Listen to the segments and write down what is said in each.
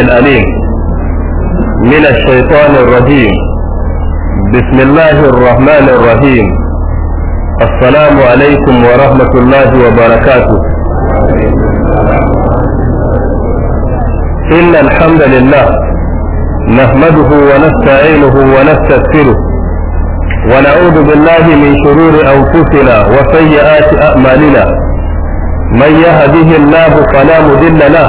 الأليم من الشيطان الرجيم بسم الله الرحمن الرحيم السلام عليكم ورحمة الله وبركاته إن الحمد لله نحمده ونستعينه ونستغفره ونعوذ بالله من شرور أنفسنا وسيئات أعمالنا من يهده الله فلا مضل له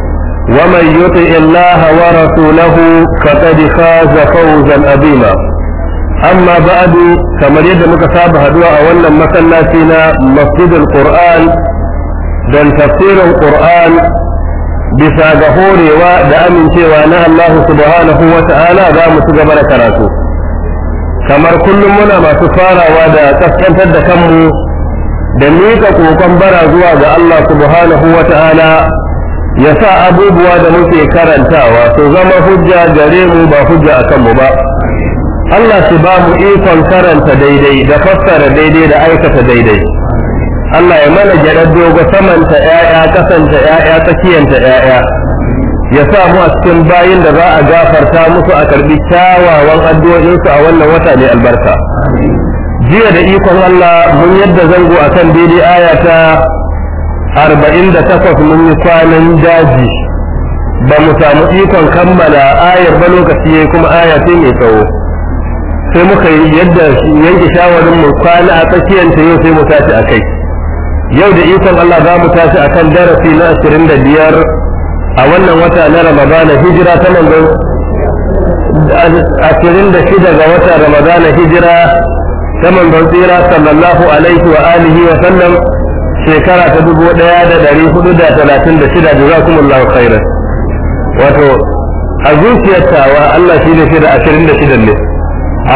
ومن يطع الله ورسوله فقد فاز فوزا عظيما أما بعد كما يد مكتاب هدوء أولا مسلاتنا مسجد القرآن دل تفسير القرآن bisa ga horewa da amincewa na allahu subhanahu wa ta'ala za mu ci gaba da karatu kamar kullum muna masu farawa da kaskantar da kanmu da miƙa kokon bara zuwa ga Allah subhanahu wa ya sa abubuwa da muke karantawa su zama hujja gare mu ba hujja a kanmu ba Allah su ba mu ikon karanta daidai da fassara daidai da aikata daidai Allah ya mana gyarar dogo samanta ‘ya'ya kasanta ‘ya'ya tsakiyanta ‘ya'ya ya sa mu a cikin bayin da za a gafarta musu a karbi kyawawan addu'o'insu a wannan wata mai albarka jiya da ikon Allah mun yadda zango akan daidai aya arba'in da takwas mun yi kwanan daji ba mu samu ikon kammala ayar ba lokaci ya kuma aya ce mai tsawo sai muka yi yadda yanke shawarin mu kwana a ta yau sai mu tashi a kai yau da ikon Allah za mu tashi a kan darasi na ashirin da biyar a wannan wata na ramadana hijira ta manzon ashirin da shida ga wata ramadana hijira ta manzon tsira sallallahu alaihi wa alihi wa sallam shekara ta dubu ɗaya da ɗari hudu da talatin da shida da za kuma Allah kaira wato a zuciyar wa Allah shi ne shida ashirin da shida ne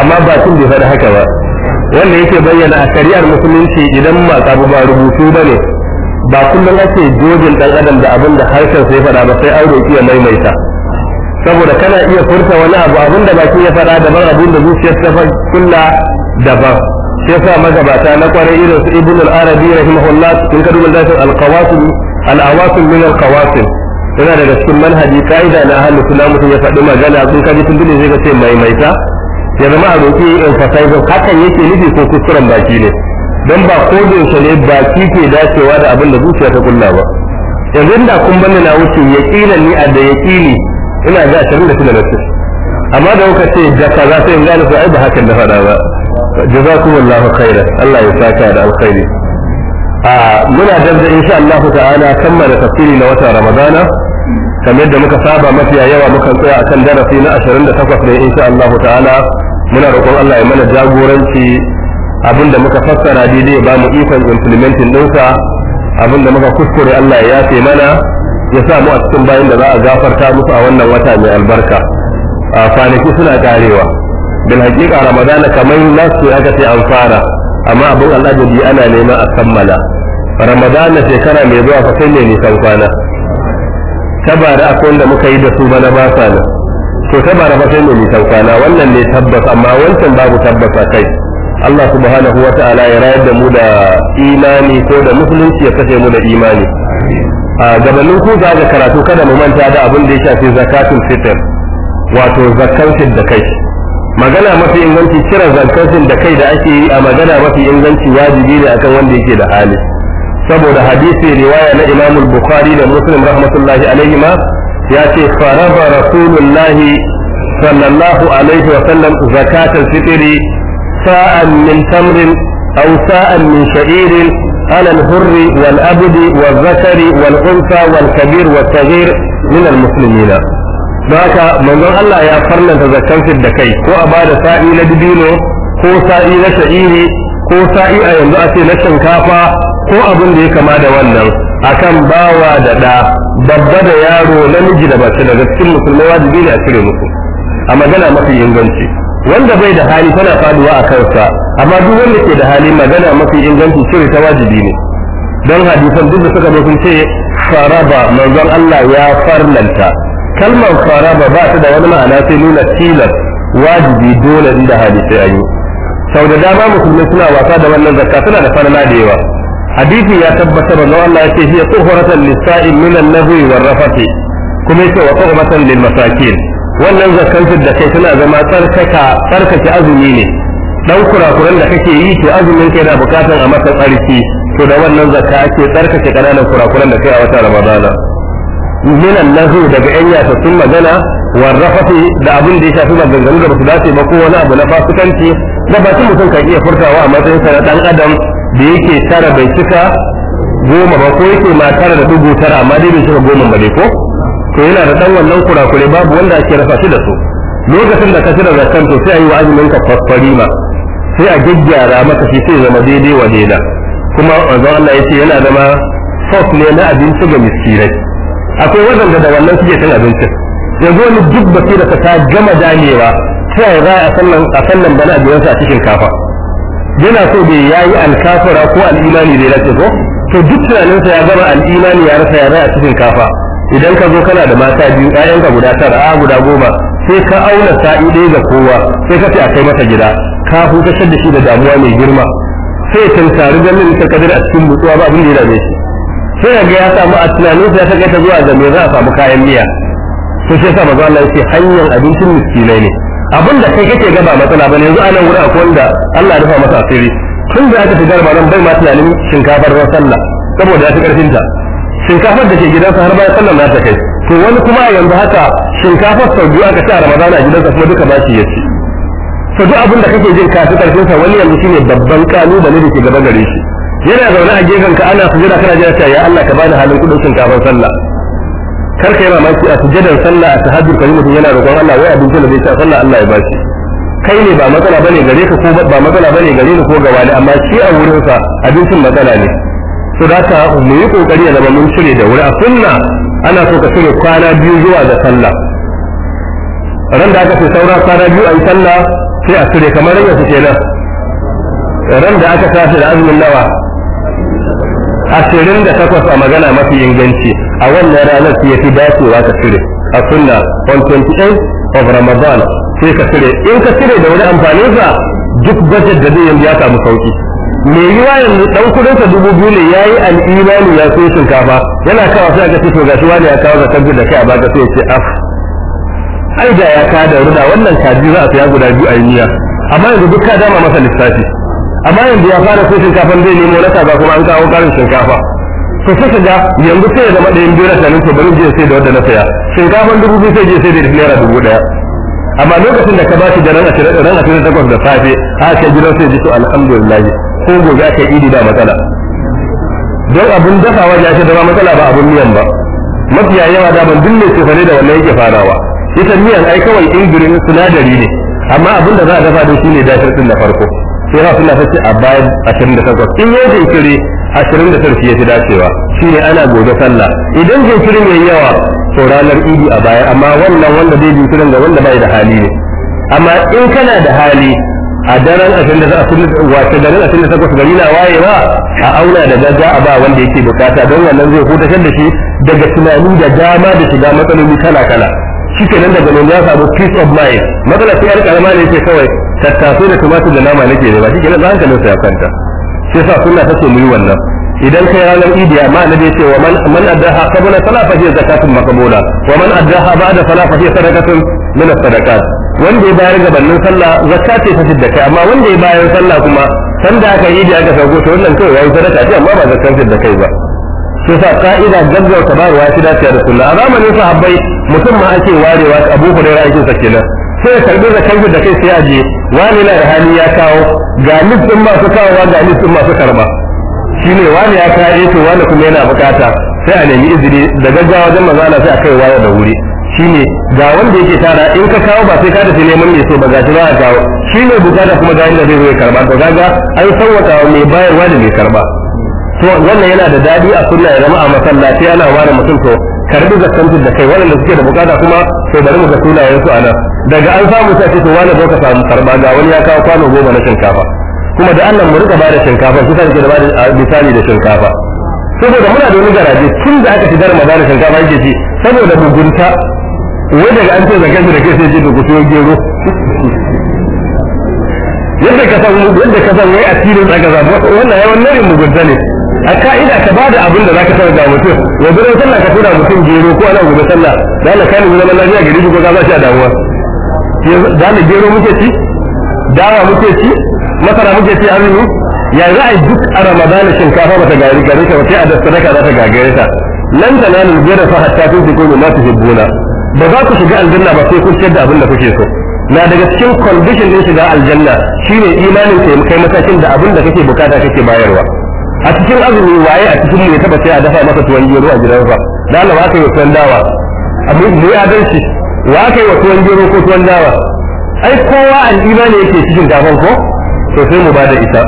amma ba sun bi faɗi haka ba wanda yake bayyana a shari'ar musulunci idan masu abu ba rubutu ba ne ba kullum ake jojin ɗan adam da abin da harshen sai faɗa ba sai an roƙi ya maimaita saboda kana iya furta wani abu abin da bakin ya faɗa daban abin da zuciyar ta kulla daban shi yasa magabata na kwarai irin su ibn al-arabi rahimahullah in ka duba al-qawasim al-awasim min al-qawasim yana daga cikin manhaji kaida na ahlus sunna mutum ya faɗi magana sun kaji tun dole zai ga ce maimaita ya zama a roƙi emphasizing hakan yake nufi ko kuskuren baki ne don ba ko da ne baki ke dacewa da abin da zuciya ta kulla ba yanzu inda kun bani na wuce yaqinan ni a da yaqini ina ga 26 amma da kuka ce da kaza sai in gane su ai ba hakan da fada ba jazakumullahu khairan Allah ya saka da alkhairi a muna dabda insha Allah ta'ala kammala tafsiri na watan Ramadana kamar yadda muka saba mafiya yawa muka tsaya akan darasi na 28 ne insha Allah ta'ala muna roƙon Allah ya mana jagoranci abinda muka fassara dai ba mu ikon implementing ɗinsa abinda muka kuskure Allah ya yafe mana ya sa mu a cikin bayan da za a gafarta musu a wannan wata mai albarka a kwanaki suna karewa bil haqiqa ramadan kamar nasu aka ce an fara amma abin bi ana nema a kammala ramadan shekara mai zuwa fa sai ne nisan kwana ta bara akwai wanda muka yi da su bana ba sa ne to ta fa sai ne nisan kwana wannan ne tabbas amma wancan babu tabbata kai Allah subhanahu wa ta'ala ya rayar da mu da imani ko da musulunci ya kashe mu da imani a gabanin ku za ga karatu kada mu manta da abin da ya shafi zakatul fitr wato zakkan da kai magana mafi inganci kiran zankansin da kai da ake yi a magana mafi inganci wajibi ne akan wanda yake da hali saboda hadisi riwaya na Imam Bukhari da Muslim rahmatullahi alaihi ma ya ce faraba rasulullahi sallallahu alaihi wa sallam zakatul fitri sa'an min tamrin aw sa'an min sha'irin ala al-hurr wal abdi wal zakari wal unsa wal kabir wal saghir min al-muslimina don haka manzon Allah ya farlanta zakkan fit da kai ko a bada sa'i na dibino ko sa'i na sa'iri ko sa'i a yanzu a na shinkafa ko abin da ya kama da wannan akan bawa da da babba da yaro namiji da mace daga cikin musulmi wajibi ne a cire muku, a magana mafi inganci wanda bai da hali tana faduwa a kansa amma duk wanda ke da hali magana mafi inganci cire ta wajibi ne don hadisan duk da suka zo sun ce faraba manzon Allah ya farlanta kalmar fara ba ta da wani ma'ana sai nuna tilas wajibi dole da hadisi ayi sau da dama musulmi suna wasa da wannan zakka suna da farla da yawa hadisi ya tabbatar da Allah ya shi ya tuhuratan lisa'i min an-nahi war rafati kuma yace wa tuhuratan lil masakin wannan zakkan da kai suna zama tsarkaka tsarkake azumi ne dan kurakuran da kake yi to azumin kai na bukatan a masa tsarki to da wannan zakka ake tsarkake kananan kurakuran da kai a watan Ramadana minan nahu daga yan yatattun magana warrafati da abin da ya shafi maganganu da basu dace ba ko wani abu na fasikanci da ba mutum kan iya furtawa a matsayin sa na dan adam da yake tara bai cika goma ba ko yake ma tara da dubu tara amma dai bai cika goma ba ne ko to yana da ɗan wannan kurakure babu wanda ake rafa shi da su lokacin da ka cire zakkan to sai a yi wa azumin ka fasfari ma sai a gyaggyara maka shi sai zama daidai wa daida kuma wanzan ya ce yana zama sos ne na abinci ga miskinai akwai wajen da wannan suke cin abincin zo wani duk basira ta ta gama damewa ta yi za a sannan bana a biyansa a cikin kafa yana so da yi alkafara ko al'imani da ya ko to duk tunaninsa ya gama al'imani ya rasa ya a cikin kafa idan ka zo kana da mata biyu ka guda tara a guda goma sai ka auna sa'i ɗaya ga kowa sai ka ce a kai masa gida ka hutar da shi da damuwa mai girma sai ya tantari ganin ta kadir a cikin mutuwa ba abin da ya dame shi sai ga ya samu a tunanin sai ya kai ta zuwa ga me za a samu kayan miya to shi sa manzo Allah yake hanyar abincin miskilai ne abinda da kai kake ga ba matsala bane yanzu anan wurin akwai wanda Allah ya rufa masa asiri tun da aka fi jarba nan bai ma tunanin shinkafar ran sallah saboda ya fi karfin ta shinkafar da ke gidansa har bayan sallah na ta kai to wani kuma yanzu haka shinkafar sau biyu aka sa Ramadan a gidansa kuma duka ba shi ya ci to duk abin da kake jin ka fi karfin sa wani yanzu shine babban kalubale da ke gaba gare shi yana zaune a gefen ka ana sujada kana jira ya Allah ka bani halin kudin sun kafin sallah kar kai mamaki a sujadan sallah a tahajjud kai mutum yana roƙon Allah wai abin da zai ci sallah Allah ya bashi kai ne ba matsala bane gare ka ko ba matsala bane gare ni ko ga wani amma shi a wurin sa abincin matsala ne so da ka mu yi kokari ya zama mun cire da wuri a sunna ana so ka cire kwana biyu zuwa ga sallah ran da aka ce saura kwana biyu a yi sallah sai a cire kamar yanzu kenan ran da aka tashi da azumin nawa ashirin da takwas a magana mafi inganci a wannan ranar su ya fi dacewa ka cire a sunna on of ramadan sai ka cire in ka cire da wani amfanin sa duk budget da zai yi ya samu sauki me yiwa yanzu dan kudin sa dubu biyu ne yayi al'imani ya sai shinkafa yana kawo sai ga to gashi wani ya kawo zakar da kai a baka sai ce af ai da ya kada ruda wannan kaji za a saya guda biyu a yi niyya amma yanzu duk ka dama masa lissafi amma yanzu ya fara sai shinkafan zai nemo na kaza kuma an kawo karin shinkafa to suka ga yanzu sai da zama ɗayan biyu na tanin to bari je sai da wanda na saya shinkafan dubu biyu sai je sai da naira dubu ɗaya amma lokacin da ka ba shi da ran ashirin ran ashirin takwas da safe a ce gidan sai ji to alhamdulillah ko gobe a yi idi ba matsala don abun dafawa ya ce da ba matsala ba abun miyan ba mafiya yawa da ban dinne ce fare da wannan yake farawa ita miyan ai kawai ingirin sinadari ne amma abin da za a dafa da shi dashin din na farko sai na suna sace a bayan takwas in yau jinkiri da tarfi ya fi dacewa ne ana gobe sallah idan jinkirin yi yawa to ranar idi a baya amma wannan wanda zai jinkirin ga wanda bai da hali ne amma in kana da hali a daren 28 wace daren takwas gari na wayewa a auna da gaza a ba wanda yake bukata don wannan zai hutatar da shi daga tunani da dama da shiga matsaloli kala kala shi kenan daga nan ya samu peace of mind matsalar sai yar karama ne ke kawai tattasai da tumatir da nama nake da ba shi kenan hankalin sa ya kwanta shi sa sunna ta so mu yi wannan idan kai ranar idi amma na ya cewa wa man man addaha qabla salat fa zakatun maqbula wa man addaha ba'da da fa hiya sadaqatun min as-sadaqat wanda ya bayar gabanin sallah zakka ce ta fidda kai amma wanda ya bayar sallah kuma san da aka yi da aka sauko to wannan kai yayi sadaka ce amma ba zakkan fidda kai ba shi yasa ka'ida ta bayarwa shi dace da sunna a zamanin sahabbai mutum ma ake warewa Abu Hurairah ake sa kenan sai ya karbi zakar da kai sai a je wani na da hali ya kawo ga listin masu kawowa ga listin masu karba shi ne wani ya kawo eh to wani kuma yana bukata sai a nemi izini da gaggawa wajen maza sai a kai waya da wuri shi ne ga wanda yake tara in ka kawo ba sai ka tafi neman mai so ba gashi ba a kawo shi ne bukata kuma ga inda zai zo ya karba to gaga an sauwaka mai bayarwa da mai karba to wannan yana da dadi a sunna ya zama a masallaci ana ware mutum to karbi zakantun da kai waɗanda suke da bukata kuma to bari mu ga sunayen su anan daga an samu sai ce to wani zo ka samu karba ga wani ya kawo kwano goma na shinkafa kuma da Allah mu rika bada shinkafa shi kan ke da bada misali da shinkafa saboda muna da wani garaje tun da aka shigar magana shinkafa yake ci saboda mugunta wai daga an ce zagan da kai sai ce to ku siyo gero yadda ka san yadda ka san wai asirin tsaka zamu wannan yawan narin mugunta ne a ka'ida ka ba da abin da za ka sanar da mutum wa gurin sallah ka tura mutum gero ko ana gobe sallah da Allah kai mu zaman lafiya gari ko za shi a damuwa da na gero muke ci dawa muke ci masara muke ci azumi ya za a duk a ramadana shinkafa ba ta gari gare ta wace a da sadaka za ta gagare ta lan tanalu jira fa hatta tunfiqu mimma tuhibbuna ba za ku shiga aljanna ba sai kun ciyar da abin da kuke so na daga cikin condition din shiga aljanna shine imanin ka kai matakin da abin da kake bukata kake bayarwa a cikin azumi waye a cikin ne taba sai a dafa masa tuwon gero a gidansa da Allah waka yi tuwon dawa abin da ya dan wa waka yi tuwon gero ko tuwon dawa ai kowa an ne yake cikin gaban ko to sai mu bada ita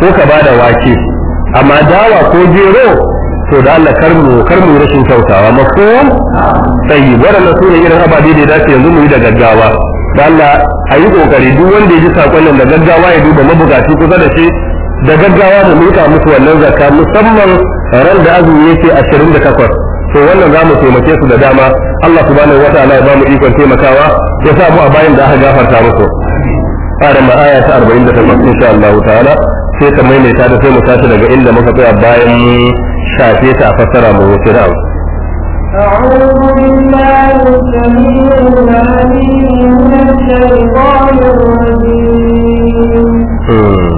ko ka bada wake amma dawa ko gero to da Allah kar mu kar mu rashin kyautawa mafhum sai wadannan su ne irin ababe da ya dace yanzu mu yi da gaggawa da Allah a yi kokari duk wanda ya ji sakon nan da gaggawa ya duba mabukaci kusa da shi da gaggawa da muka musu wannan zakka musamman ran da azumi yake 28 to wannan za mu taimake su da dama Allah subhanahu wataala ya ba mu ikon taimakawa ya sa mu a bayan da aka gafarta musu fara ma aya ta 48 insha Allah ta'ala sai ka maimaita da sai mu tashi daga inda muka tsaya bayan shafe ta fassara mu wuce da أعوذ بالله السميع العليم من الشيطان الرجيم hmm.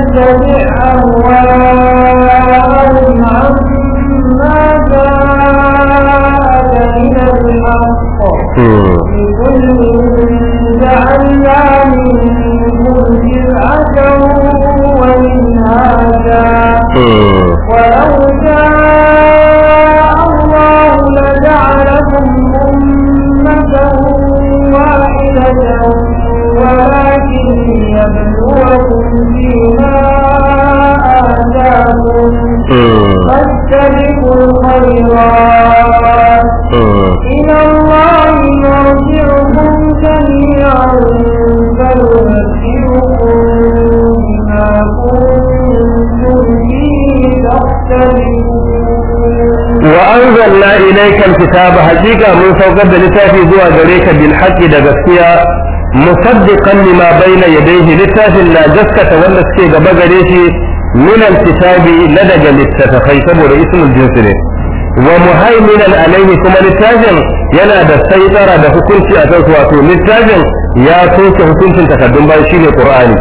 تتبع أهواءهم عما جاءك من الحق لكل جعلنا منكم شرعة ومنهاجا ولو شاء الله لجعلكم أمة واحدة ولكن يبلغكم فيما واستبقوا الخيرات إلى الله مرجعكم جميعا فينبئكم بما كنتم فيه تختلفون وأنزلنا إليك الكتاب حقيقة من فوق لتافي زوى ذريك بالحق دغسيا musaddiqan lima bayna yadayhi littafin na gaskata wanda suke gaba gare shi min kitabi na daga littattafai saboda ismul jinsi ne wa muhaiminan alaihi kuma littafin yana da saitara da hukunci a kansu wato littafin ya soke hukuncin takardun bayan shine qur'ani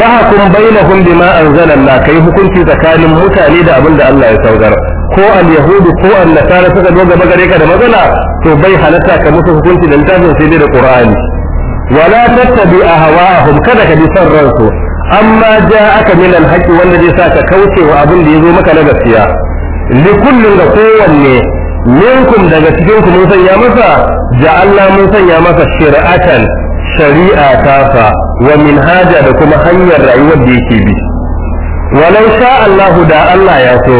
fahkum bainahum bima anzalallah kai hukunci tsakanin mutane da abin da Allah ya saukar ko al-yahudu ko an-nasara suka zo gaba gare ka da matsala to bai halarta ka musu hukunci da littafin sai dai da qur'ani wala tattabi ahwa'ahum kada ka bi son ransu amma ja aka min alhaqi wanda zai sa ka kauce wa abin da ya zo maka na gaskiya li kullun da kowanne minkum daga cikin ku mun sanya masa Allah mun sanya masa shari'atan shari'a ta fa wa min haja da kuma hanyar rayuwar da yake bi walau sha Allah da Allah ya so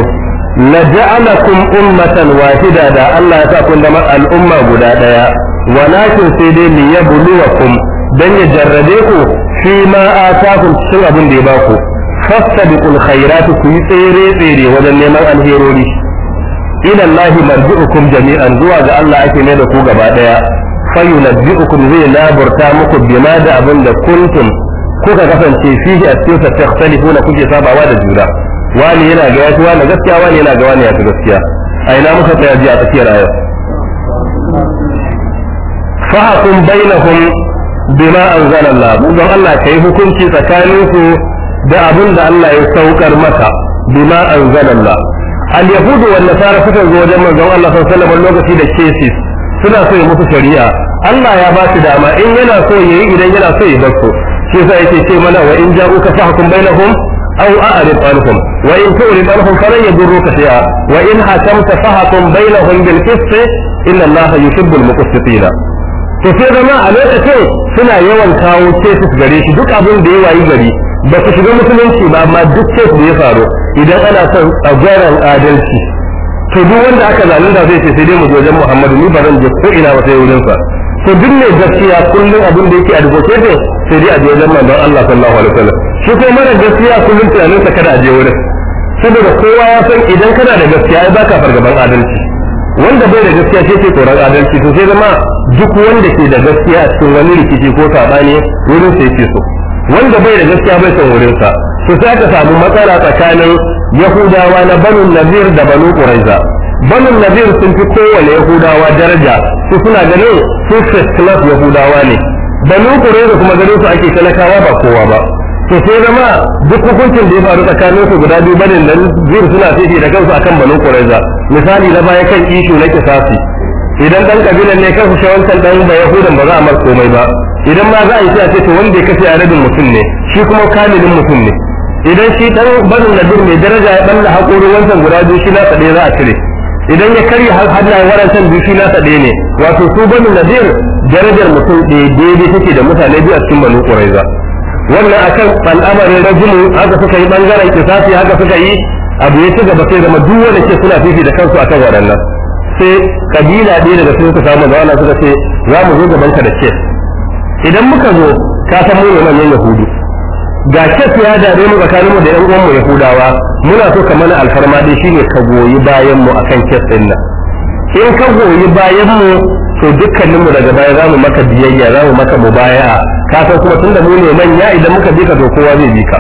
la ja'alakum ummatan wahida da Allah ya sa kun zama al'umma guda daya walakin sai dai liyabluwakum dan ya jarrabe ku fi ma atakum cikin abin da ya ba ku fastabiqul khairat ku yi tsere tsere wajen neman alherori ila Allah marji'ukum jami'an zuwa ga Allah ake ne da ku gaba daya fayunabbi'ukum zai laburta muku bima da abin da kuntum kuka kasance fihi a cikin tattalifuna kuke sabawa da juna wani yana ga yafi wani gaskiya wani yana ga wani gaskiya a ina muka tsaya ji a tsakiyar ayar fahakun bainahum bima anzalallah don Allah kai hukunci tsakanin ku da abin da Allah ya saukar maka bima anzalallah al yahudu wal nasara suka zo wajen manzon Allah sallallahu alaihi wasallam lokaci da cases suna so ya musu shari'a Allah ya ba su dama in yana so yayi idan yana so ya bar shi yasa yake ce mana wa in ja'uka fahkum bainahum أو أعرض عنهم وإن تعرض عنهم فلن يضروك شيئا وإن حكمت فحكم بينهم بالقسط إن الله يحب المقسطين to sai zama a lokacin suna yawan kawo cases gare shi duk abin da ya wayi gari ba su shiga musulunci ba amma duk case da ya faru idan ana son a tsagwaron adalci to duk wanda aka zalunta zai ce sai dai mu je wajen Muhammadu ni ba zan je ko ina ba sai wurin sa to duk mai gaskiya kullum abin da yake a dubote sai dai a je wajen manzon Allah sallallahu alaihi wasallam shi kuma mara gaskiya kullum tunanin sa kada a je wurin saboda kowa ya san idan kana da gaskiya ai baka fargaban adalci wanda bai da gaskiya sai ke tsoron adalci to sai zama duk wanda ke da gaskiya a cikin wani rikici ko sabani wurin sai ke so wanda bai da gaskiya bai son wurin sa su sai aka samu matsala tsakanin yahudawa na banu nazir da banu quraiza banu nazir sun fi kowane yahudawa daraja su suna ganin su first class yahudawa ne banu quraiza kuma ganin su ake talakawa ba kowa ba to sai zama duk hukuncin da ya faru tsakanin su guda biyu banin nazir suna fifi da kansu akan banu quraiza misali na baya kan ishu na kisasi idan dan kabilan ne kan kushe wancan dan ba yahudan ba za a mar komai ba idan ma za a yi sai a ce to wanda ya kashe adadin mutum ne shi kuma kamilin mutum ne idan shi dan barin nadir mai daraja ya balla haƙuri wancan guda biyu shi na ɗaya za a cire idan ya karya hannayen waɗancan biyu shi na ɗaya ne wato su barin nadir darajar mutum ɗaya daidai take da mutane biyu a cikin banu ƙuraiza wannan akan al'amarin rajulu haka suka yi bangaren kisasi haka suka yi abu ya ci gaba sai zama duk wanda ke suna fifi da kansu akan waɗannan sai kabila ɗaya daga cikin kusa samu zauna suka ce za mu zo gaban ka da ke idan muka zo ka san mu ne yahudu ga ke ya dade mu mu da yan uwanmu yahudawa muna so ka mana alfarma dai shine ka goyi bayan mu akan ke ɗin nan in ka goyi bayan mu to dukkaninmu daga baya za mu maka biyayya za mu maka mubaya'a ka san kuma tunda mu ne manya idan muka bi ka to kowa zai bi ka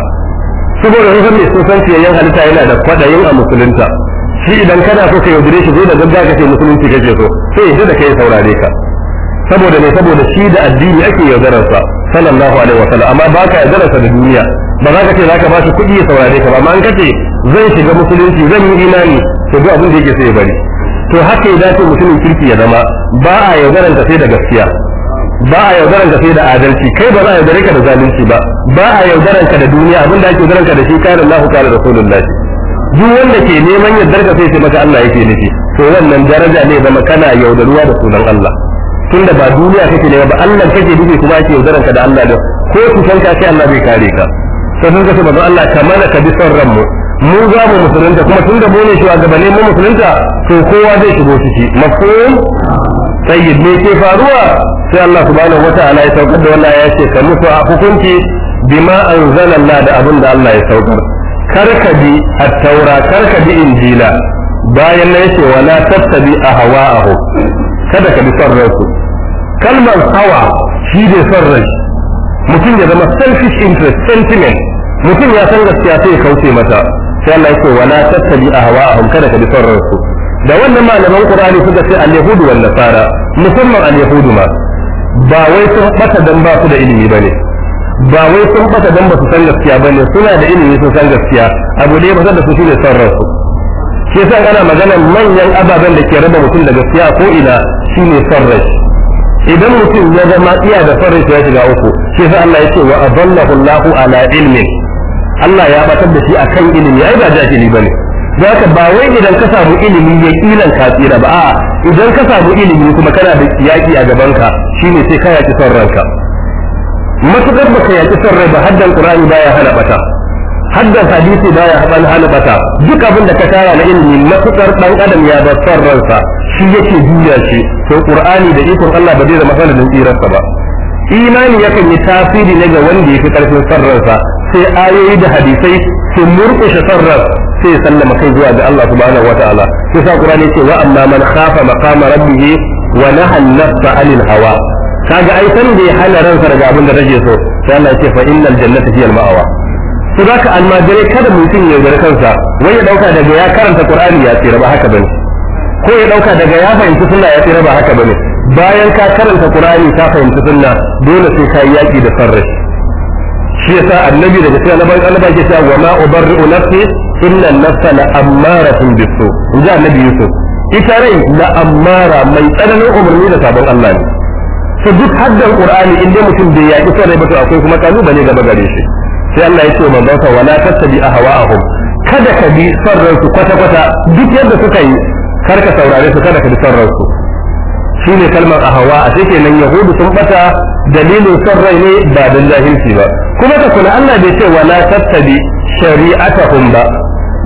saboda rufin mai sun san ciyayyen halitta yana da kwaɗayin a musulunta shi idan kana so ka yaudare shi zai da gagga ka ce musulunci kake so sai ya da kai saurare ka saboda ne saboda shi da addini ake yaudararsa sallallahu alaihi wa sallam amma baka yaudararsa da duniya ba za ka ce za ka ba shi kuɗi ya saurare ka ba amma an ka ce zai shiga musulunci zan yi imani to duk abin da yake sai ya bari to haka ya dace mutumin kirki ya zama ba a yaudaranta sai da gaskiya ba a yaudaranta sai da adalci kai ba za a yaudare ka da zalunci ba ba a yaudaranta da duniya abin da ake yaudaranta da shi kana Allahu da Rasulullahi duk wanda ke neman yardar ka sai maka Allah yake nufi to wannan daraja ne zama kana yaudaruwa da sunan Allah tunda ba duniya kake ne ba Allah kake nufi kuma yake yaudaran ka da Allah da ko ku san ka sai Allah zai kare ka sai sun ka ce Allah kamar ka bi son ran mu mu za mu musulunta kuma tunda mu ne ne mu musulunta to kowa zai shigo ciki mafhum sayyid me ke faruwa sai Allah subhanahu wataala ya saukar da wannan ya ce ka musu a hukunci bima anzalallahu la da abin da Allah ya saukar bi at-taura bi injila bayan nan yace wala tattabi ahwa'ahu kada ka bi son ransu kalmar hawa shi ne son rai mutum ya zama selfish interest sentiment mutum ya san gaskiya sai ya kauce mata sai Allah yake wala tattabi ahwa'ahum kada ka bi son da wannan malaman Qur'ani suka ce al-yahudu wal nasara musamman al-yahudu ma ba wai sun bata dan ba su da ilimi bane ba wai sun bata dan ba su san gaskiya ba ne suna da ilimi sun san gaskiya abu da ya da su shine san ransu ke san ana magana manyan ababen da ke raba mutum da gaskiya ko ina shine san rai idan mutum ya zama iya da san rai ya shiga uku ke yasa Allah yake wa adallahu Allahu ala ilmin Allah ya batar da shi akan ilimi ai ba jahili bane da haka ba wai idan ka samu ilimi ya kilan ka tsira ba a idan ka samu ilimi kuma kana da yaki a gaban ka shine sai ka yaki son ranka matukar ba ka yaƙi son rai ba haddan qur'ani baya hana bata haddan hadisi baya haban hana bata duk abin da ka tara na ilimi matuƙar dan adam ya bar son ransa shi yake juya shi to ƙurani da ikon Allah ba zai zama sanadin tsirarsa ba imani yakan yi tasiri ne ga wanda ya fi karfin son ransa sai ayoyi da hadisai su murƙushe son ransa sai sallama kai zuwa ga Allah subhanahu wataala sai sa Qur'ani ce wa amma man khafa maqama rabbih wa naha an-nafsa 'anil hawa kaga ai san da ya hana ransa daga abin da rage so sai Allah ya ce fa innal jannata fi al-ma'awa su zaka almajirai kada mutum ya gare kansa wai ya dauka daga ya karanta qur'ani ya tsira ba haka bane ko ya dauka daga ya fahimci sunna ya tsira ba haka bane bayan ka karanta qur'ani ka fahimci sunna dole sai ka yaki da sarri shi yasa annabi daga sai annabi Allah ke cewa wa ma ubarri'u nafsi inna an-nafsa la'ammaratun bis-su' inji annabi Yusuf ita rai la'ammara mai tsananin umarni da sabon Allah ne to duk haddan qur'ani in dai mutum bai yaki sarai ba to akwai kuma kalubale gaba gare shi sai Allah ya ce manzon sa wala tattabi ahwa'ahum kada ka bi son su kwata kwata duk yadda suka yi kar ka saurare su kada ka bi sarran su shine kalmar ahwa a sai kenan yahudu sun bata dalilin rai ne ba dan jahilci ba kuma ka kula Allah bai ce wala tattabi shari'atahum ba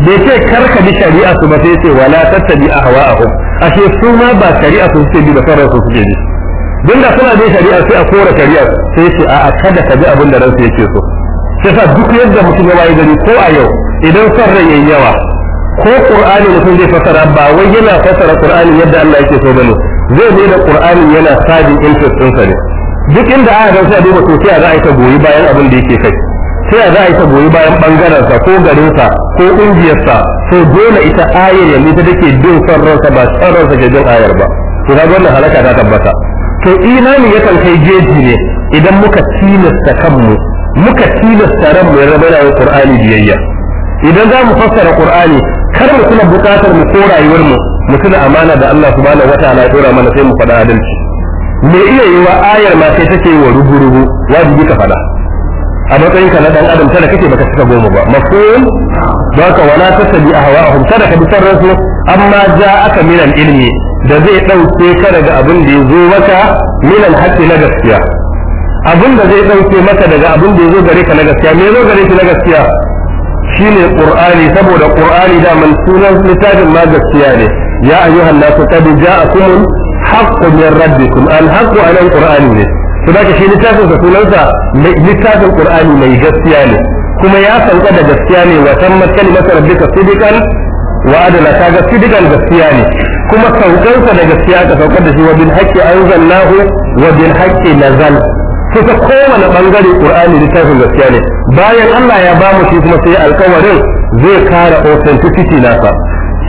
bai ce kar ka bi shari'a su ba sai ce wala tattabi ahwa'ahum ashe su ma ba shari'a su suke bi ba sarran su suke bi don da suna bin shari'a sai a kora shari'a sai ce a'a kada ka bi abin da ransa yake so sai sa duk yadda mutum ya wayi gari ko a yau idan son rai yayi yawa ko qur'ani mutum zai fasara ba wai yana fasara qur'ani yadda Allah yake so bane zai ne da qur'ani yana sabi interest ɗinsa ne duk inda aka ga sai duba to sai a za a ta goyi bayan abin da yake kai sai a za a ta goyi bayan bangaren sa ko garinsa ko sa sai dole ita ayar ne ta take bin son ransa ba san ransa ke bin ayar ba to ga wannan halaka ta tabbata to imani yakan kai jeji ne idan muka tilasta kanmu muka tilasta ran mu rabu da Qur'ani biyayya idan za mu fassara Qur'ani kar mu kula bukatar mu ko rayuwar mu mu tuna amana da Allah subhanahu wataala ya tura mana sai mu fada adalci me iya yi wa ayar ma sai take wa rugurugu wajibi ka faɗa a matsayin ka na dan adam tana kake baka cika goma ba mafhum baka wala tasbi ahwa'ahum kada ka bi sarrafu amma ja'aka aka minan ilmi da zai ɗauke ka daga abin da ya zo maka min alhaqi na gaskiya abin da zai ɗauke maka daga abin da ya zo gare ka na gaskiya me zo gare ki na gaskiya shine qur'ani saboda qur'ani da man sunan littafin ma gaskiya ne ya ayyuhan nasu qad ja'akum haqqun min rabbikum al haqqu ala qur'ani ne to da shi littafin sa sunansa littafin qur'ani mai gaskiya ne kuma ya sanka da gaskiya ne wa tammat kalimatu rabbika sidiqan wa adala kaga sidikan gaskiya ne kuma saukansa da gaskiya ka saukar da shi wa bil haqqi anzalnahu kusa kowane bangare qur'ani littafin gaskiya ne bayan Allah ya ba mu shi kuma sai alƙawarin zai kara authenticity nasa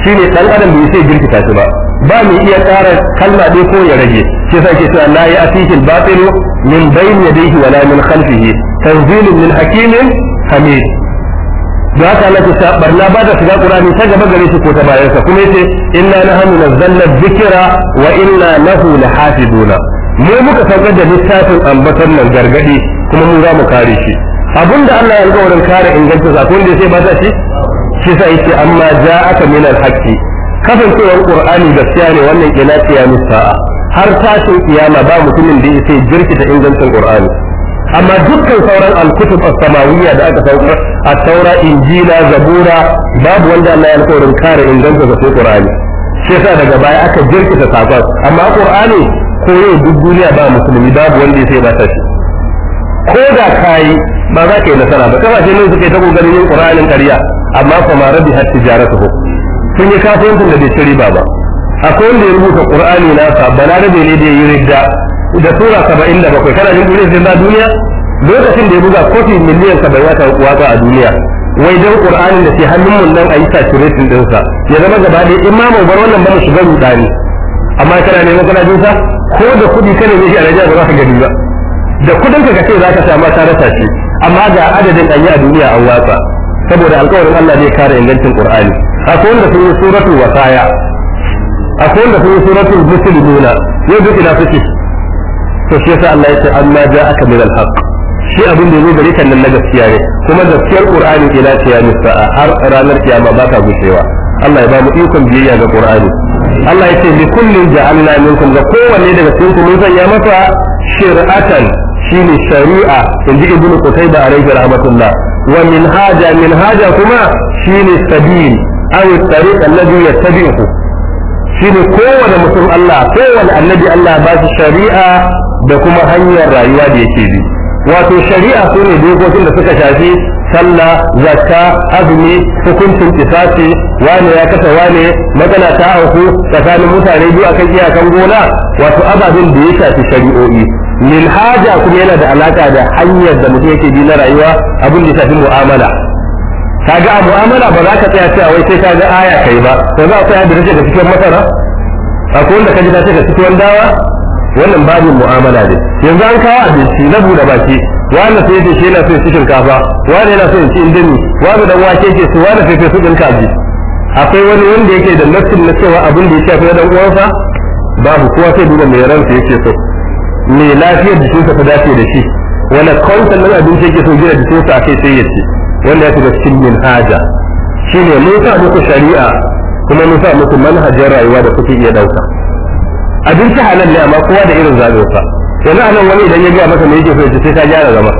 shine dan adam bai sai girkita shi ba ba mai iya kara kalma dai ko ya rage shi yasa ke cewa la ya'tihi al-batilu min bayni yadayhi wa la min khalfihi tanzilun min hakimin hamid da haka Allah ta barna ba da shiga Qur'ani ta gaba gare shi ko ta bayan sa kuma yace inna nahnu nazzalna dhikra wa inna lahu lahafiduna mu muka saukar da littafin ambatar nan gargadi kuma mu za mu kare shi abinda Allah ya alƙawarin kare inganta sa kun da sai ba ta shi shi sai yace amma ja'aka min al kasancewar Qur'ani gaskiya ne wannan ina ya musa har tashin kiyama ba mutumin da yace jirkita ingancin Qur'ani amma dukkan sauran alkutub as-samawiyya da aka sauka a taura injila zabura babu wanda Allah ya alƙawarin kare inganta da sai qur'ani shi yasa daga baya aka jirkita sakon amma qur'ani ko yau duk duniya ba musulmi babu wanda sai ba shi ko da kai ba za ka yi nasara ba kasashe ne suke ta kokarin yin qur'anin karya amma kuma rabi har tijaratuhu sun yi kasuwancin da bai ci ba ba akwai wanda ya rubuta qur'ani nasa balarabe ne da ya yi ridda da sura saba'in da bakwai kana jin duniya sai duniya lokacin da ya buga kofi miliyan saba'in ya tawo waka a duniya wai dan qur'anin da ke hannun mun nan ayi saturating din sa ya zama gaba da imamu bar wannan ba mu shiga rudani amma kana neman kana jin ko da kudi kana ne shi a rajiya ba za ka gani ba da kudin ka kace za ka samu ta rasa shi amma ga adadin yi a duniya an watsa saboda alƙawarin Allah zai kare ingancin qur'ani akwai wanda sun yi suratul wasaya akwai wanda sun yi suratul muslimuna yau duk ina suke to shi yasa Allah ya ce amma ja'aka min al-haq shi abin da zo gare ka nan na gaskiya ne kuma gaskiyar Qur'ani ila qiyamis sa'a har ranar kiyama ba ta gushewa Allah ya ba mu ikon biyayya ga Qur'ani Allah ya ce li kullin ja'alna minkum ga kowanne daga cikin ku mun sanya masa shir'atan shine shari'a inji ibnu qutayba alayhi rahmatullah wa min minhaja kuma shine sabil aw at-tariq alladhi yattabi'uhu shine kowane mutum Allah kowane annabi Allah ba shi shari'a da kuma hanyar rayuwa da yake bi wato shari'a su ne dokokin da suka shafi sallah zakka azumi hukuncin kisasi wane ya kasa wane magana ta auku tsakanin mutane biyu akan iyakan gona wato ababen da ya shafi shari'o'i lil haja kuma yana da alaka da hanyar da mutum yake bi na rayuwa abin da shafi mu'amala kaga a mu'amala ba za ka tsaya cewa wai sai kaga aya kai ba to za ka tsaya da take da cikin masara akwai wanda ka ji ta ce ka cikin dawa wannan babin mu'amala ne yanzu an kawo abinci na buɗe baki wani sai ce shi yana son cikin kafa wani yana son ci indomi wani dan wake ke su wani fefe su dinka kaji akwai wani wanda yake da nassin na cewa abin da ya shafi na dan uwansa babu kowa sai duba mai ransa yake so Me lafiyar sa ta dace da shi wani kwantan nan abinci yake so gina jikinsa a kai sai ya ci wanda ya shiga cikin min haja shine mun sa shari'a kuma mun sa muku manhajar rayuwa da kuke iya ɗauka abinci halal ne amma kowa da irin zaɓinsa yanzu a nan wani idan ya gaya masa me yake so ya sai ka gyara zama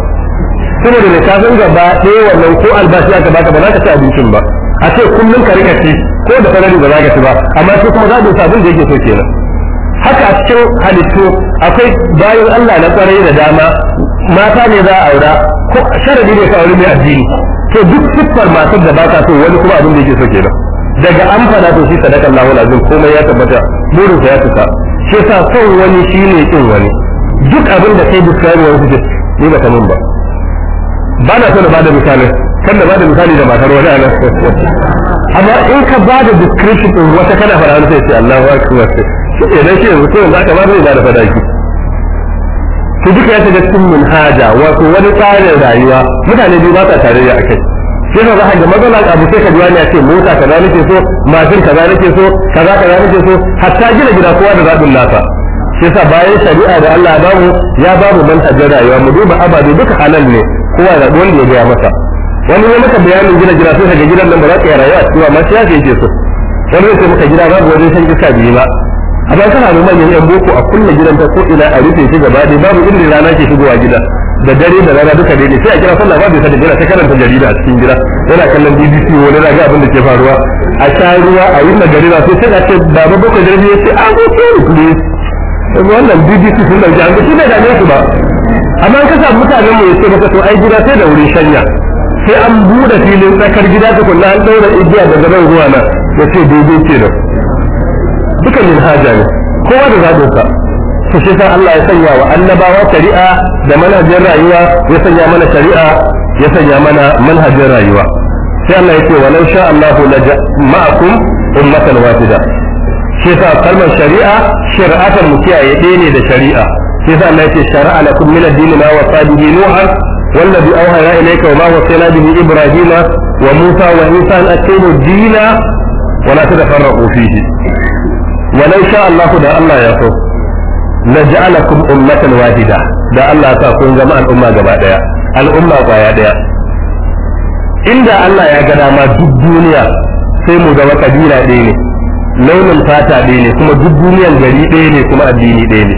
saboda da ka san gaba ɗaya wannan ko albashi aka baka ba za ka ci abincin ba a ce kullum ka rika ci ko da sarari ba za ci ba amma sai kuma zaɓin sa abin da yake so kenan haka a cikin halittu akwai bayan Allah na kwarai da dama mata ne za a aura ko sharadi ne ka aure mai addini to duk siffar matar da baka so wani kuma abin da yake so kenan daga an fada to shi sadaka Allahu lazim komai ya tabbata burin sa ya tuka shi yasa son wani shi ne kin wani duk abin da kai describe wani kuke ni ba kaman ba ba na so na bada misali kan da bada misali da matar wani ana amma in ka bada description din wata kana fara wani sai ce Allahu akbar shi ne dan shi yanzu ko za ka bada ne da ki to duka ya ta shiga cikin haja wato wani tsarin rayuwa mutane biyu ba sa tarayya kai yasa za a ga matsala abu sai ka biya ne a ce mota kaza nake so mashin kaza nake so kaza kaza nake so hatta gina gida kowa da zaɓin nasa shi yasa bayan shari'a da Allah ya bamu ya bamu jira rayuwa mu duba ababe duka halal ne kowa da wanda ya masa wani ne maka bayanin gina gida sai ka gidan nan ba za ka yi rayuwa cikin ma ya ke so wani sai maka gida babu wajen shan iska biyu ba a ba kana neman manyan yan boko a kulle gidan ta ko ina a rufe shi gaba ɗaya babu inda rana ke shigowa gida da dare da rana duka daidai sai a kira sallah babu sai gida ta karanta jarida a cikin gida yana kallon BBC wani na abin da ke faruwa a sha ruwa a yi magarira sai sai a ce baba boko da rabi ya ce an goce ni please wannan BBC sun dauki an goce bai dame su ba amma ka sa mutanen mu ya ce maka to ai gida sai da wuri shanya sai an buɗe filin tsakar gida tukunna an ɗaura igiya da nan ruwa na ya ce daidai ke da duka min haja ne kowa da zaɓinsa su shi san Allah ya sanya wa annabawa shari'a da manhajin rayuwa ya sanya mana shari'a ya sanya mana manhajin rayuwa sai Allah ya ce walau sha Allahu la ma'akum ummatan wahida shi yasa kalmar shari'a shari'atan mu kiyaye ɗaya ne da shari'a shi yasa Allah ya ce shari'a lakum min ad-din ma wasa wa nu'an wa أوحينا إليك وما وصينا به إبراهيم وموسى وعيسى أن أقيموا الدين ولا تتفرقوا فيه ولو Allahu da Allah ya يصوم naj'alakum ummatan wahida da Allah ta kun zama al'umma gaba daya al'umma baya daya inda Allah ya ga dama duk duniya sai mu zama kabila ɗaya ne launin fata ɗaya ne kuma duk duniyan gari ɗaya ne kuma addini ɗaya ne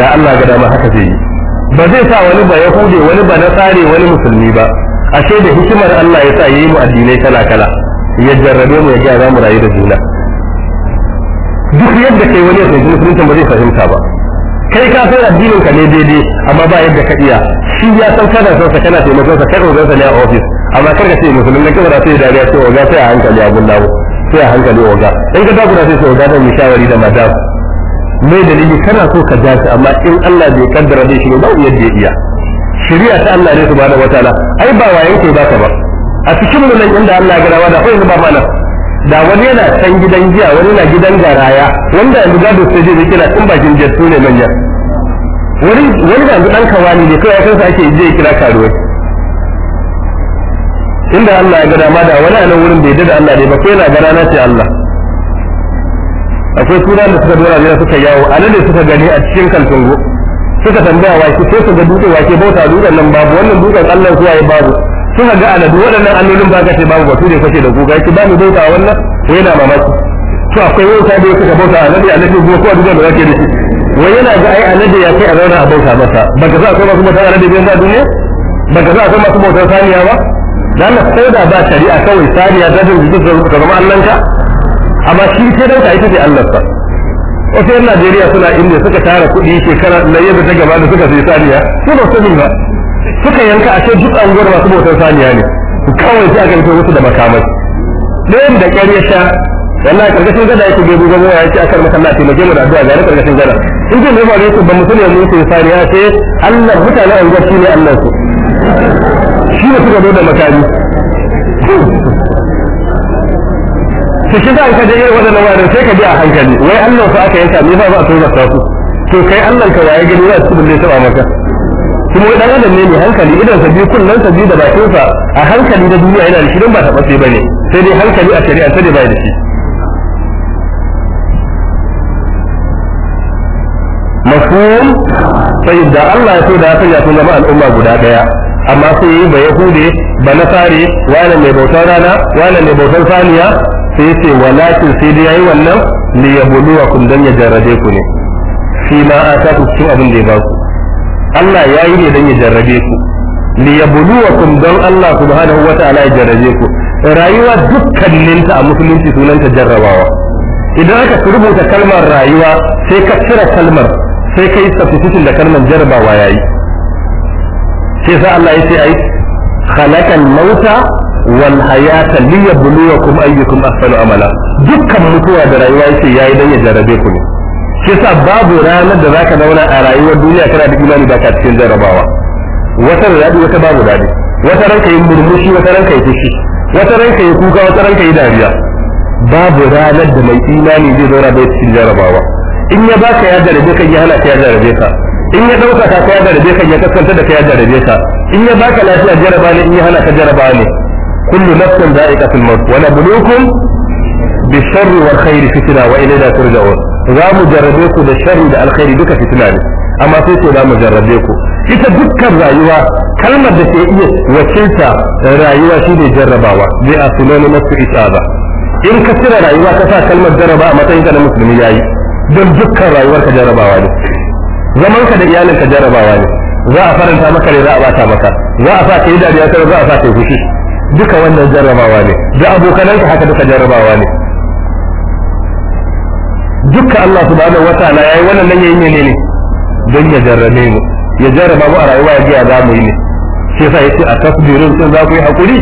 da Allah ga dama haka zai yi ba zai sa wani ba yahude wani ba nasare wani musulmi ba ashe da hikimar Allah ya sa yi mu addinai kala kala ya jarrabe mu ya ga za mu rayu da juna duk yadda kai wani ya fahimci musulunci ba zai fahimta ba kai ka san addinin ka ne daidai amma ba yadda ka iya shi ya san kana son sa kana taimakon sa kai ogan sa ne a office amma kar ka ce musulun na kira sai dariya sai oga sai a hankali abun dawo sai a hankali oga in ka dagura sai oga zan yi shawari da madam mai dalili kana so ka dace amma in Allah bai kaddara dai shi ba yadda ya iya shari'a ta Allah ne subhanahu wataala ai ba wayan kai ka ba a cikin mu nan inda Allah ya rawa da kai ba mana da wani yana can gidan jiya wani na gidan garaya wanda yanzu gado sai je kira tun bakin jet su ne manya wani da yanzu dan kawani ne kawai kansa ake je kira karuwai inda Allah ya ga dama da wani a nan wurin bai da Allah ne ba kai yana gara na ce Allah akwai suna da suka dora biyar suka yawo a nan suka gani a cikin go, suka tambaya ke sai su ga dutse ke bauta dutsen nan babu wannan dutsen Allah zuwa ya babu suka ga aladu waɗannan allolin ba ka ce babu batu ne fashe da guga yake ba mu bauta wannan to yana mamaki to akwai wauta da suka bauta alade alade ko ko da ba yake da shi wai yana ga ai alade ya kai a zauna a bauta masa baka za akwai masu bauta alade bayan da duniya baka za akwai masu bautar saniya ba dan sai da ba shari'a kawai saniya da da zuwa da zama ka amma shi sai dan ka ita ce ka wasu yan Najeriya suna inda suka tara kuɗi shekara na yadda ta gaba da suka sai saniya su ba su ba suka yanka a ce duk anguwar masu bautar saniya ne kawai sai aka fito musu da makamai ɗayan da ƙyar ya sha wallahi karkashin gada yake gebo gabo ya ce akar maka Allah taimake mu da addu'a ga karkashin gada in ji mai bare su ba mutum ya mutu ya saniya ce Allah mutane anguwar shi ne Allah su shi ne suka zo da makami su shi za ka je irin waɗannan wani sai ka bi a hankali wai Allah su aka yanka me fa ba a tozarta su to kai Allah ka waye gani za su bulle su ba maka kuma wai dan adam ne mai hankali idan sa biyu kunnan sa biyu da bakin a hankali da duniya yana da shi don ba taba sai bane sai dai hankali a shari'a ta bai da shi mafhum sai da Allah ya so da ya sanya sun zama al'umma guda daya amma sai yi ba yahude ba nasare wane mai bautar rana wane mai bautar saniya sai yace walakin sai dai yayi wannan li wa dan ya jarrabe ku ne shi ma atatu cikin abin da ya ba ku Allah ya yi ne don ya jarrabe ku li yabluwakum don Allah subhanahu wata'ala ya jarrabe ku rayuwa dukkaninta a musulunci sunanta jarrabawa idan aka rubuta kalmar rayuwa sai ka cire kalmar sai ka yi substitution da kalmar jarrabawa yayi sai sa Allah ya ce ai khalaqal mauta wal hayata liyabluwakum ayyukum ahsanu amala dukkan mutuwa da rayuwa yace yayi dan ya jarrabe ku ne shi sa babu ranar da zaka zauna a rayuwar duniya kana da imani ba ka cikin jarabawa wata da dadi wata babu dadi wata ranka yi murmushi wata ranka yi fushi wata ranka yi kuka wata ranka yi dariya babu ranar da mai imani zai zauna bai cikin jarabawa in ya baka ya jarabe kan ya hana ka ya jarabe ka in ya ɗauka ka ya jarabe kan ya kaskanta da ka ya jarabe ka in ya baka lafiya jaraba ne in ya hana ka jaraba ne kullu nafsin za'iqatul maut wa nabluukum bis-sharri wal khairi fitna wa ilayna turja'un za mu jarrabe ku da sharri da alkhairi duka fitina ne amma sai ce za mu jarrabe ku ita dukkan rayuwa kalmar da ke iya wakilta rayuwa shine jarrabawa bi isa isaba in ka cire rayuwa ka sa kalmar jarraba a matsayin ka na musulmi yayi don dukkan rayuwarka jarrabawa ne zaman ka da iyalin ka jarrabawa ne za a faranta maka ne za a bata maka za a sa ka yi dariya sai za a sa ka yi fushi duka wannan jarrabawa ne da abokananka haka duka jarrabawa ne duka Allah subhanahu wataala yayi wannan nan yayi ne, don ya jarrabe mu ya jarraba mu a rayuwa ya ga za mu yi ne shi sa yace a tasbirin sun za ku yi hakuri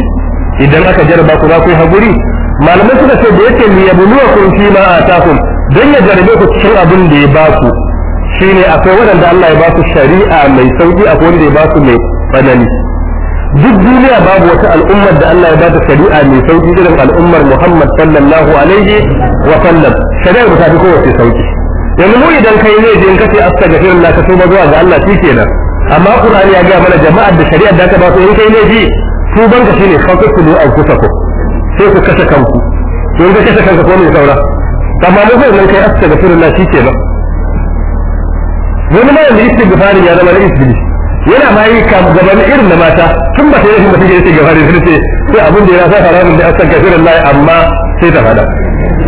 idan aka jarraba ku za ku yi hakuri malamai suka ce da yake nuwa kun fi ma atakum don ya jarrabe ku cikin abin da ya ba ku shine akwai waɗanda Allah ya ba su shari'a mai sauƙi, akwai wanda ya ba su mai tsanani duk duniya babu wata al'ummar da Allah ya ba ta shari'a mai sauƙi irin al'ummar Muhammad sallallahu alaihi wa sallam shari'ar ba ta fi kowace sauki yanzu mu idan kai ne je in kace astaghfirullah ka tuba zuwa ga Allah shikenan amma qur'ani ya ga mana jama'ar da shari'ar da ta ba su in kai ne ji tuban ka shine fakulu an kusa ku sai ku kashe kanku to in ka kashe kanka ko mai saura amma mu sai nan kai astaghfirullah shikenan wani ma yanzu istighfarin ya zama na isbili yana ma yi gaban irin na mata tun ba sai yin ba take istighfarin sai sai abin da ya sa haramun da astaghfirullah amma sai ta fada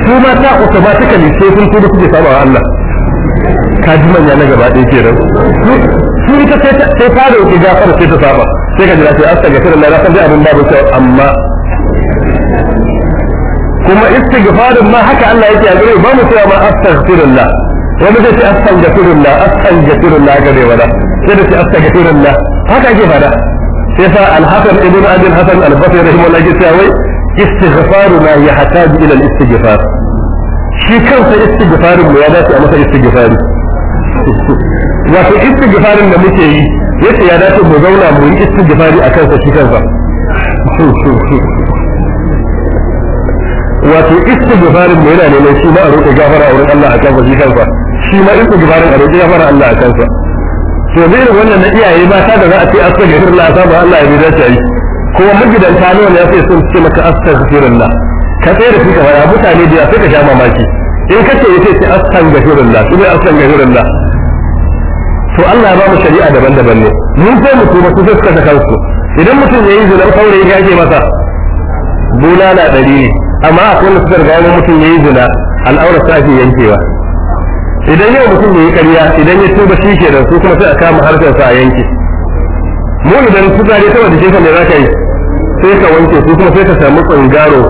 su ma ta automatically sai sun tuba suke saba wa Allah ka ji manya na gaba ɗaya kenan su ita sai ta da wuce gafar sai ta saba sai ka jira sai astaghfir Allah na san dai abin babu kyau amma kuma istighfarin ma haka Allah yake a gare ba mu cewa ma astaghfirullah wani zai ce astaghfirullah astaghfirullah ga dai wala sai da ce astaghfirullah haka ke fada sai sa al-Hasan ibn abdul hasan al-Basri rahimahullah ya ce wai istighfaruna yahtaju ila al-istighfar shi kansa istighfarin mu ya dace a masa istighfari wato istighfarin da muke yi yace ya dace mu zauna mu yi istighfari a kansa shi kansa wato istighfarin mu yana neman shi ma a roƙe gafara a wurin Allah a kansa shi kansa shi ma istighfarin a roƙe gafara Allah a kansa to ne wannan na iyaye mata da za a ce astaghfirullah ta ba Allah ya bi dace yi ko magidanta nawa ne yake son ce maka astaghfirullah ka tsaya da shi ka fara mutane da sai ka sha mamaki in ka ce yace ce astaghfirullah shi ne astaghfirullah to Allah ya ba mu shari'a daban-daban ne mun sai mu kuma su fuskata su idan mutum yayi zina kaure ya gaje masa bulala dari ne amma akwai wanda suka wani mutum yayi zina al'aura ta ke yankewa idan yau mutum yayi kariya idan ya tuba shi kenan su kuma sai a kama harkar sa a yanke mu idan fitsari sama da jikinka ne za ka yi sai ka wanke su kuma sai ka samu tsangaro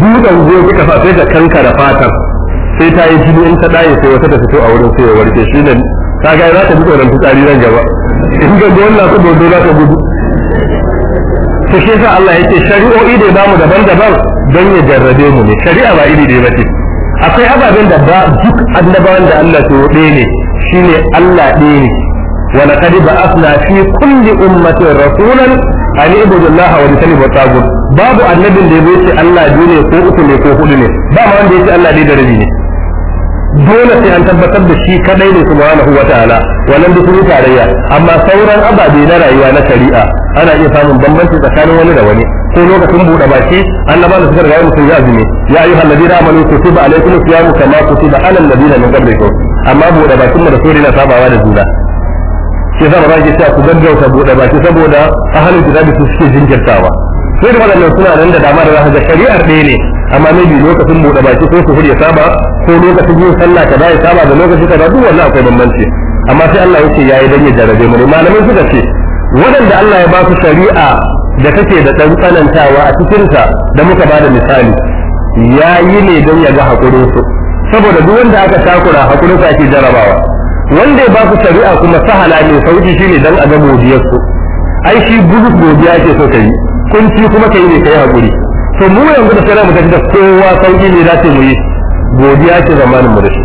dukan gobe kika fa sai ka kankara fata sai ta yi jini in ta daye sai wata ta fito a wurin sai ya warke shi ne ka ga za ka bi tsoron fitsari nan gaba in ga don na ka dodo za ka gudu to shi yasa Allah yake shari'o'i da ba mu daban-daban don ya jarrabe mu ne shari'a ba iri ɗaya ba ce akwai ababen da ba duk annabawan da Allah ke ɗaya ne shine Allah ɗaya ne ولقد بعثنا في كل أمة رسولا أن اعبدوا الله واجتنبوا da ya النبي اللي بيتي الله ديني ko uku ne ko hudu ne ba ma wanda yace Allah dai da rabi ne dole sai an tabbatar da shi kadai ne subhanahu wataala wannan duk ne tarayya amma sauran ababe na rayuwa na shari'a ana iya samun bambanci tsakanin wani da wani ko lokacin buɗe baki annaba da suka riga mutum ya azumi ya ayyuhal ladina amanu kutiba alaykumus siyamu kama kutiba alal ladina min qablikum amma buɗe bakin mu da sori na sabawa da juna ke zama ba za ki cewa ku gaggauta buɗe baki saboda ahalin kitabi su suke jinkirtawa sai da waɗannan suna nan da dama da za su ga shari'ar ɗaya ne amma maybe lokacin buɗe baki ko su ya saba ko lokacin yin sallah ka ya saba da lokacin ka duk wannan akwai bambanci amma sai Allah ya ce yayi dan ya jarabe mu ne malamai suka ce waɗanda Allah ya ba su shari'a da take da dan tsanantawa a cikin ta da muka ba da misali yayi ne dan ya ga su saboda duk wanda aka takura sa ake jarabawa wanda ya ba su shari'a kuma sahala ne sauki ne don a ga godiyar su ai shi gudu godiya ake so kai kunci kuma ka yi ne ka yi haƙuri to mu yanzu da sai mu tafi da kowa sauki ne za ta mu yi godiya ce zamanin mu da shi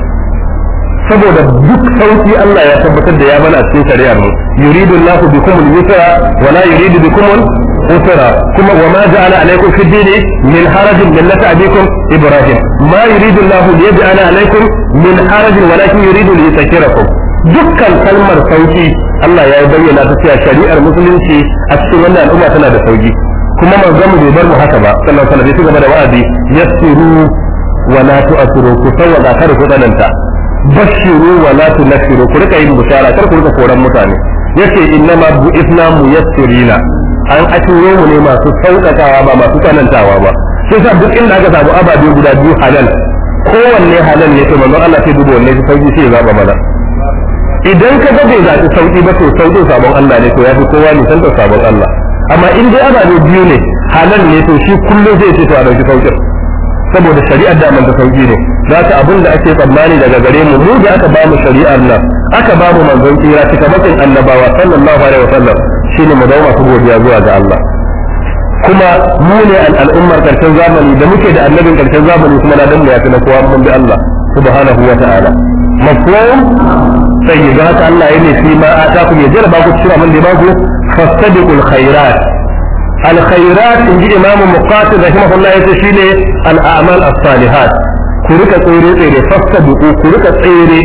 saboda duk sauki Allah ya tabbatar da ya mana a cikin shari'ar mu yuridu Allahu bikum al-yusra wa la yuridu bikum al-usra kuma wa ma ja'ala alaykum fi dini min harajin millata abikum ibrahim ma yuridu Allahu liyaj'ala alaykum min harajin walakin yuridu li yusakirakum dukkan kalmar sauki Allah ya bayyana ta cewa shari'ar musulunci a cikin wannan al'umma tana da sauki kuma manzon mu bai bar mu haka ba sallallahu alaihi wasallam gaba da wa'azi yassiru wa la tu'siru ku sawwada kar ku tsananta bashiru wa la tunfiru ku rika yin bushara kar ku rika koran mutane yace inna ma bu'ithna muyassirina an aturo mu ne masu sauƙaƙawa ba masu tsanantawa ba sai sa duk inda aka samu ababe guda biyu halal kowanne halin ne to manzon Allah sai duba wanne shi sauki sai zaba mana idan ka ga bai zaɓi sauki ba to saukin sabon Allah ne to ya fi kowa ne santa sabon Allah amma in dai ana biyu ne halin ne to shi kullum zai ce to a dauki saboda shari'ar da ta sauki ne za ta abin da ake tsammani daga gare mu mu da aka ba mu shari'ar nan aka ba mu manzon kira cika matsayin annabawa sallallahu alaihi wasallam shine mu dauma su godiya zuwa ga Allah kuma mu ne al'ummar karshen zamani da muke da annabin karshen zamani kuma na danna ya fi na kowa mun bi Allah subhanahu wa ta'ala mafhum sai ga ta Allah ya nufi ma atakum ya jarba ku cikin abin da ya baku fastabiqul khairat al khairat in ji imam muqatil rahimahullah yace shine al a'mal as salihat ku rika tsere tsere fastabiqu ku rika tsere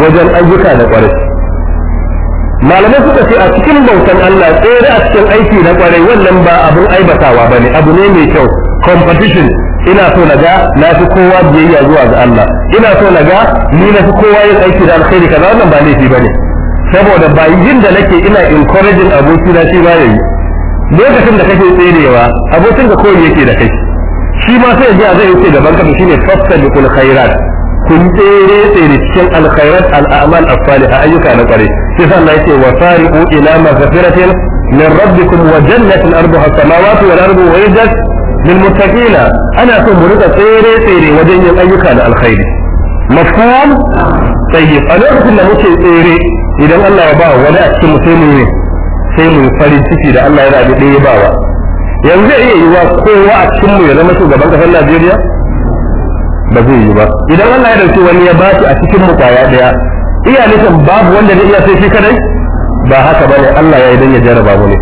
wajen ayyuka da ƙwarai malamai suka ce a cikin bautan Allah tsere a cikin aiki na kwarai wannan ba abin aibatawa bane abu ne mai kyau competition ina so na ga na fi kowa biyayya zuwa ga Allah ina so na ga ni na fi kowa yin aiki da alkhairi kaza wannan ba laifi ne saboda ba yin da nake ina encouraging aboki na shi ba yayi lokacin da kake tserewa abokin ka koyi yake da kai shi ma sai ya zai wuce gaban ka shine fastabiqul khairat kun tsere tsere cikin alkhairat al'amal as-salihah ayyuka na kwarai sai sa Allah yake wa sari'u ila maghfiratin min rabbikum wa jannatin arduha samawati wal ardu wa yajat lil muttaqin ana so mu rika tsere tsere wajen yin ayyuka da alkhairi mafhum tayyib a lokacin da muke tsere idan Allah ya ba wani a cikin sai mu farin ciki da Allah ya rabi ɗaya bawa yanzu iya yi wa kowa a cikin mu ya zama shugaban kasar Najeriya ba zai yi ba idan Allah ya dauki wani ya bashi a cikin mu kwaya daya iya nufin babu wanda zai iya sai shi kadai ba haka bane Allah ya yi dan ya jarraba mu ne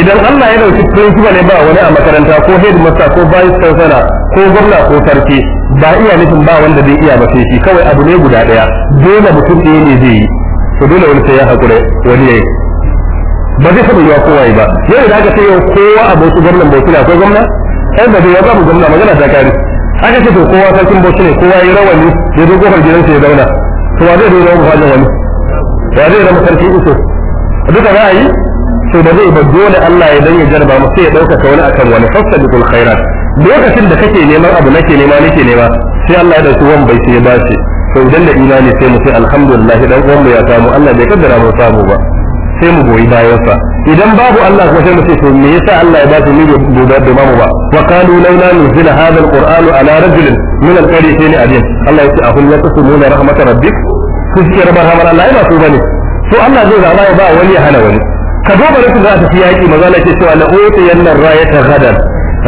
idan Allah ya dauki principal ne ba wani a makaranta ko headmaster ko vice chancellor ko gwamna ko sarki ba iya nufin ba wanda zai iya ba sai shi kawai abu ne guda daya dole mutum ɗaya ne zai yi to dole wani sai ya hakure wani yi ba zai saba yiwa kowa ba yau da aka ce yau kowa a bautu gwamnan bautu na akwai gwamna ai ba zai ba mu gwamna magana ta kare aka ce to kowa sarkin bautu ne kowa ya rawani ya zo kofar gidansa ya zauna to wa zai zo na wajen wani wa zai zama sarki uku duka za a yi to da zai ba dole Allah ya dan ya jarba mu sai ya ɗaukaka wani akan wani fastabiqul khairat lokacin da kake neman abu nake nema nake nema sai Allah ya dauki wan bai sai ya bace to idan da imani sai mu sai alhamdulillah dan uwan mu ya samu Allah bai kaddara mu samu ba sai mu goyi bayan sa idan babu Allah kuma sai mu ce to me yasa Allah ya bace ni gobe da mamu ba wa qalu laula nuzila hadha alqur'anu ala rajulin min a adin Allah ya ce ahum yaqsimuna rahmat rabbik su suke rabar ramar Allah ai ba su bane to Allah zai zaba ya ba wani ya hana wani ka duba rashin za ta fi yaƙi maza na ke cewa la'utu yannan rayata gadar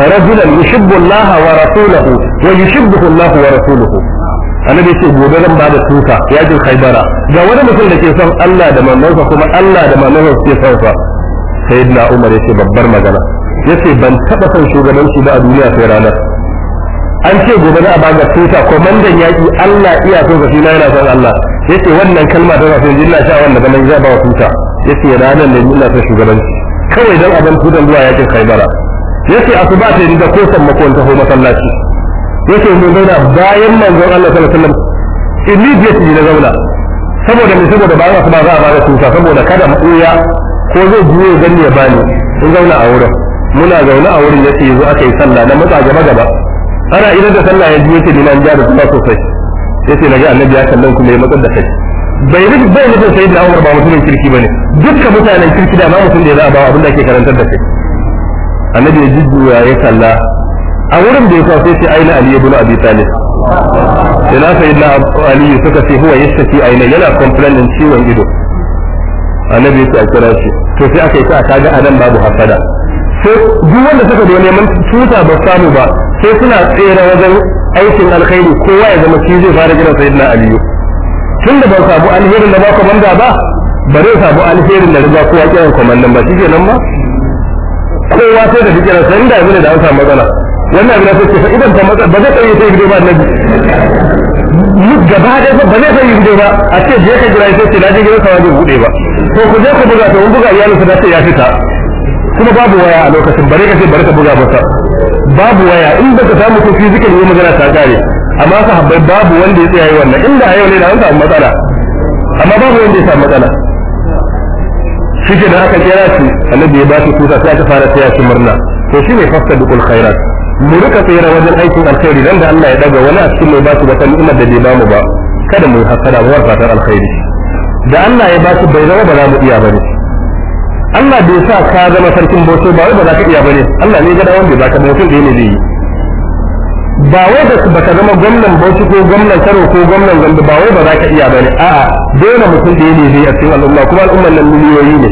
rajulan yushibbu Allah wa rasulahu wa yushibbuhu Allah wa rasuluhu annabi ce gobe zan ba da tuka yakin khaybara ga wani mutum da ke son Allah da manzonsa kuma Allah da manzonsa ke son sa sayyidina Umar yace babbar magana yace ban taba son shugabanci ba a duniya sai ranar an ce gobe za a ba ga tuta mandan yaƙi Allah iya so ga suna yana son Allah ya ce wannan kalma ta rasu jinna sha wanda ganin za a ba wa tuta ya ce ranar ne ina son shugabanci kawai don abin tutan zuwa yakin a yace ba ta yi da kosan makon taho masallaci ce mun zauna bayan manzon Allah sallallahu alaihi wasallam immediately na zauna saboda mai saboda bayan asuba za a ba da tuta saboda kada mu ko zai juye gani ya bani in zauna a wurin muna zaune a wurin ce yanzu aka yi sallah na matsa gaba gaba ana idan da sallah ya ji yake ni an ja da kuma sosai yace daga annabi ya kallon kuma ya matsar da kai bai rufe bai nufin sai da Umar ba mutumin kirki bane dukkan mutanen kirki da ma mutum da ya za a ba abin da ke karantar da kai annabi ya jujjuya ya kalla a wurin da ya kawo sai ce aina Ali ibn Abi Talib sai na sai na Ali suka ce huwa yastaki aina yana complaining ciwon ido annabi ya ce a kira shi to sai aka yi sa kaga anan babu hafada sai duk wanda suka zo neman tuta ba samu ba sai suna tsere wajen aikin alkhairi kowa ya zama shi zai fara gina sayyidina aliyu tun da ban samu alherin da ba manda ba bare samu alherin da riga kowa kiran komandan ba shi nan ba kowa sai da fikira sai inda yanzu ne da an samu matsala wannan abin da sai fa idan ta matsala ba zai tsaye sai gido ba annabi mu gaba da ba ba zai gido ba a ce je ka jira sai na je gidan sa wajen bude ba to ku je ku buga to mun buga iyalin sa da ya fita kuma babu waya a lokacin bare ka sai bare ka buga masa babu waya in ka samu ko fizikal yi magana ta kare amma habbai babu wanda ya tsaya yi wannan inda a yau ne da an samu matsala amma babu wanda ya samu matsala shi ke da aka kira shi annabi ya ba shi tuta sai aka fara tsaya shi murna to shi ne fasta dukul khairat mu rika tsira wajen aikin alkhairi dan da Allah ya daga wani a cikin mai ba su wata ni'imar da bai ba mu ba kada mu yi hasara mu ta alkhairi da Allah ya ba su bai zama ba za mu iya bane Allah bai sa ka zama sarkin boso ba wai ba za ka iya bane Allah ne gada dawon ba ka mutum da ne yi ba wai da ka zama gwamnan boso ko gwamnan Kano ko gwamnan Gombe ba wai ba za ka iya bane a'a dole mutum da ne a cikin al'umma kuma al'umma nan miliyoyi ne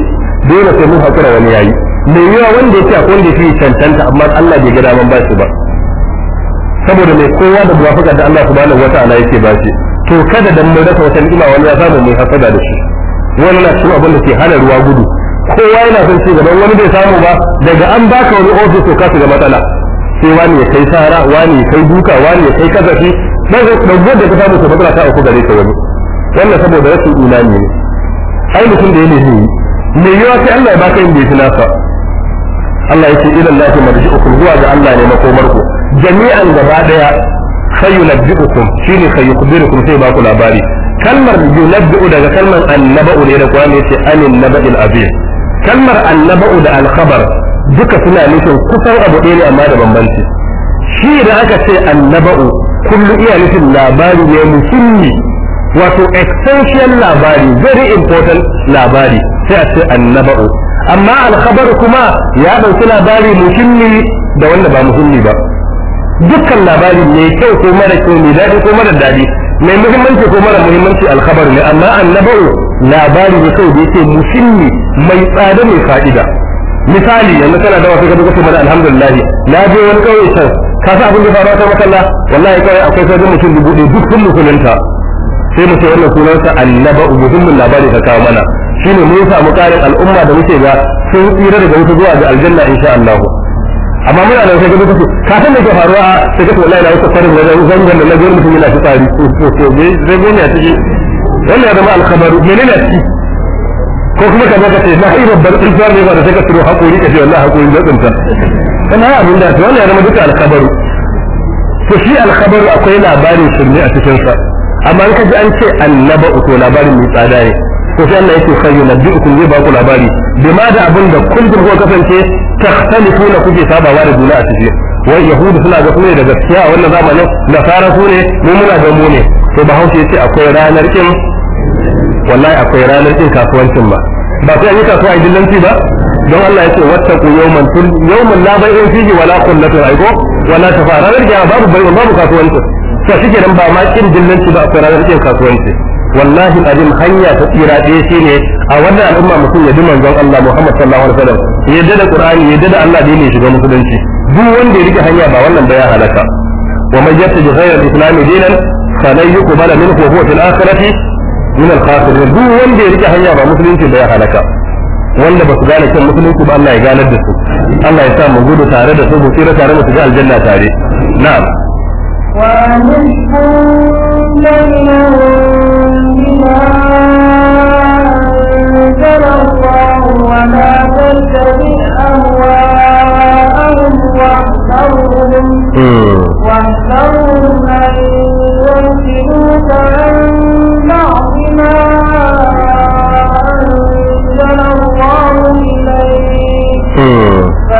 dole sai mun hakura wani yayi mai yawa wanda yake akwai wanda yake cancanta amma Allah bai gada daman ba shi ba saboda mai kowa da muwafaqar da Allah subhanahu wata'ala yake ba shi to kada dan mu rasa wata ni'ima wani ya samu mai hakura da shi wannan na abin da ke hana ruwa gudu kowa yana son ci gaban wani bai samu ba daga an baka wani ofis to ka shiga matsala sai wani ya kai sara wani ya kai duka wani ya kai kazafi ɗaguwar da ka samu to matsala ta uku gare ka wani wannan saboda rashin imani ne ai mutum da ya nemi me yawa sai Allah ya baka inda ya fi nasa Allah ya ce ila Allah uku zuwa ga Allah ne makomar ku jami'an gaba daya sai yunabbi'ukum shine ne yukhbirukum sai ba ku labari kalmar yunabbi'u daga kalmar annaba'u ne da Qur'ani yace anin naba'il azim kalmar annaba'u da alkhabar duka suna nufin kusan abu ɗaya ne amma da bambanci shi da aka ce annaba'u kullu iya nufin labari ne musulmi wato essential labari very important labari sai a ce annaba'u amma alkhabar kuma ya ɗauki labari muhimmi da wanda ba muhimmi ba dukkan labari mai kyau ko mara kyau mai daɗi ko mara daɗi mai muhimmanci ko mara muhimmanci alkhabar ne amma annaba'u labari da sau da yake musulmi mai tsada mai fa'ida misali yanzu kana da wasu ka kuma mana alhamdulillah na je wani kauye can ka sa abin da faruwa ta masalla wallahi kawai akwai sai mutum dubu ɗaya duk musulunta sai mu ce wannan sunansa annaba muhimmin labari ka kawo mana shine mun samu karin al'umma da muke ga sun tsira daga wuta zuwa ga aljanna insha Allah amma muna da sai gaba kuma ka san me ke faruwa sai ka wallahi na wuta farin da zangon da na gurin mutum yana fitsari ko ko me zai gani a cikin wannan ya zama alkhabaru menene ci ko kuma ka baka ce na yi babbar tsufa ne ba da sai ka turo hakuri ka ce wallahi hakuri da tsunta kana ya abin da ce wannan ya zama duka alkhabaru to shi alkhabaru akwai labarin shirme a cikin sa amma in ka ji an ce annaba to labarin mai tsada ne to sai Allah yake khayyu nabiyukum yi ba ku labari bima da abin da kuntum ko kasance takhtalifuna kuke sabawa da juna a cikin wai yahudu suna ga ne da gaskiya a wannan zamanin nasara su ne mu muna ga mu ne to bahaushe ce akwai ranar kin wallahi akwai ranar cin kasuwancin ba ba sai an yi kasuwa a dillanci ba don Allah ya ce wattaku yawman tun yawman la bai'in fiji wala qullatu aiko wala shafa ranar kiyama babu bai'in babu kasuwanci to shi kenan ba ma kin dillanci ba akwai ranar cin kasuwanci wallahi abin hanya ta tsira ɗaya shine a wannan al'umma mutum ya ji manzon Allah Muhammad sallallahu alaihi wasallam yadda da Qur'ani yadda da Allah da ne shiga musulunci duk wanda ya rike hanya ba wannan ba ya halaka wa man yattaji ghayra al-islam dinan falan yuqbala minhu wa huwa fil akhirati min al-khasirin duk wanda ya rike hanya ba musulunci ba ya halaka wanda ba su gane kan musulunci ba Allah ya ganar da Allah ya sa mu gudu tare da su mu tsira tare mu shiga aljanna tare na'am wa واحذرهم أن يوكلوك عن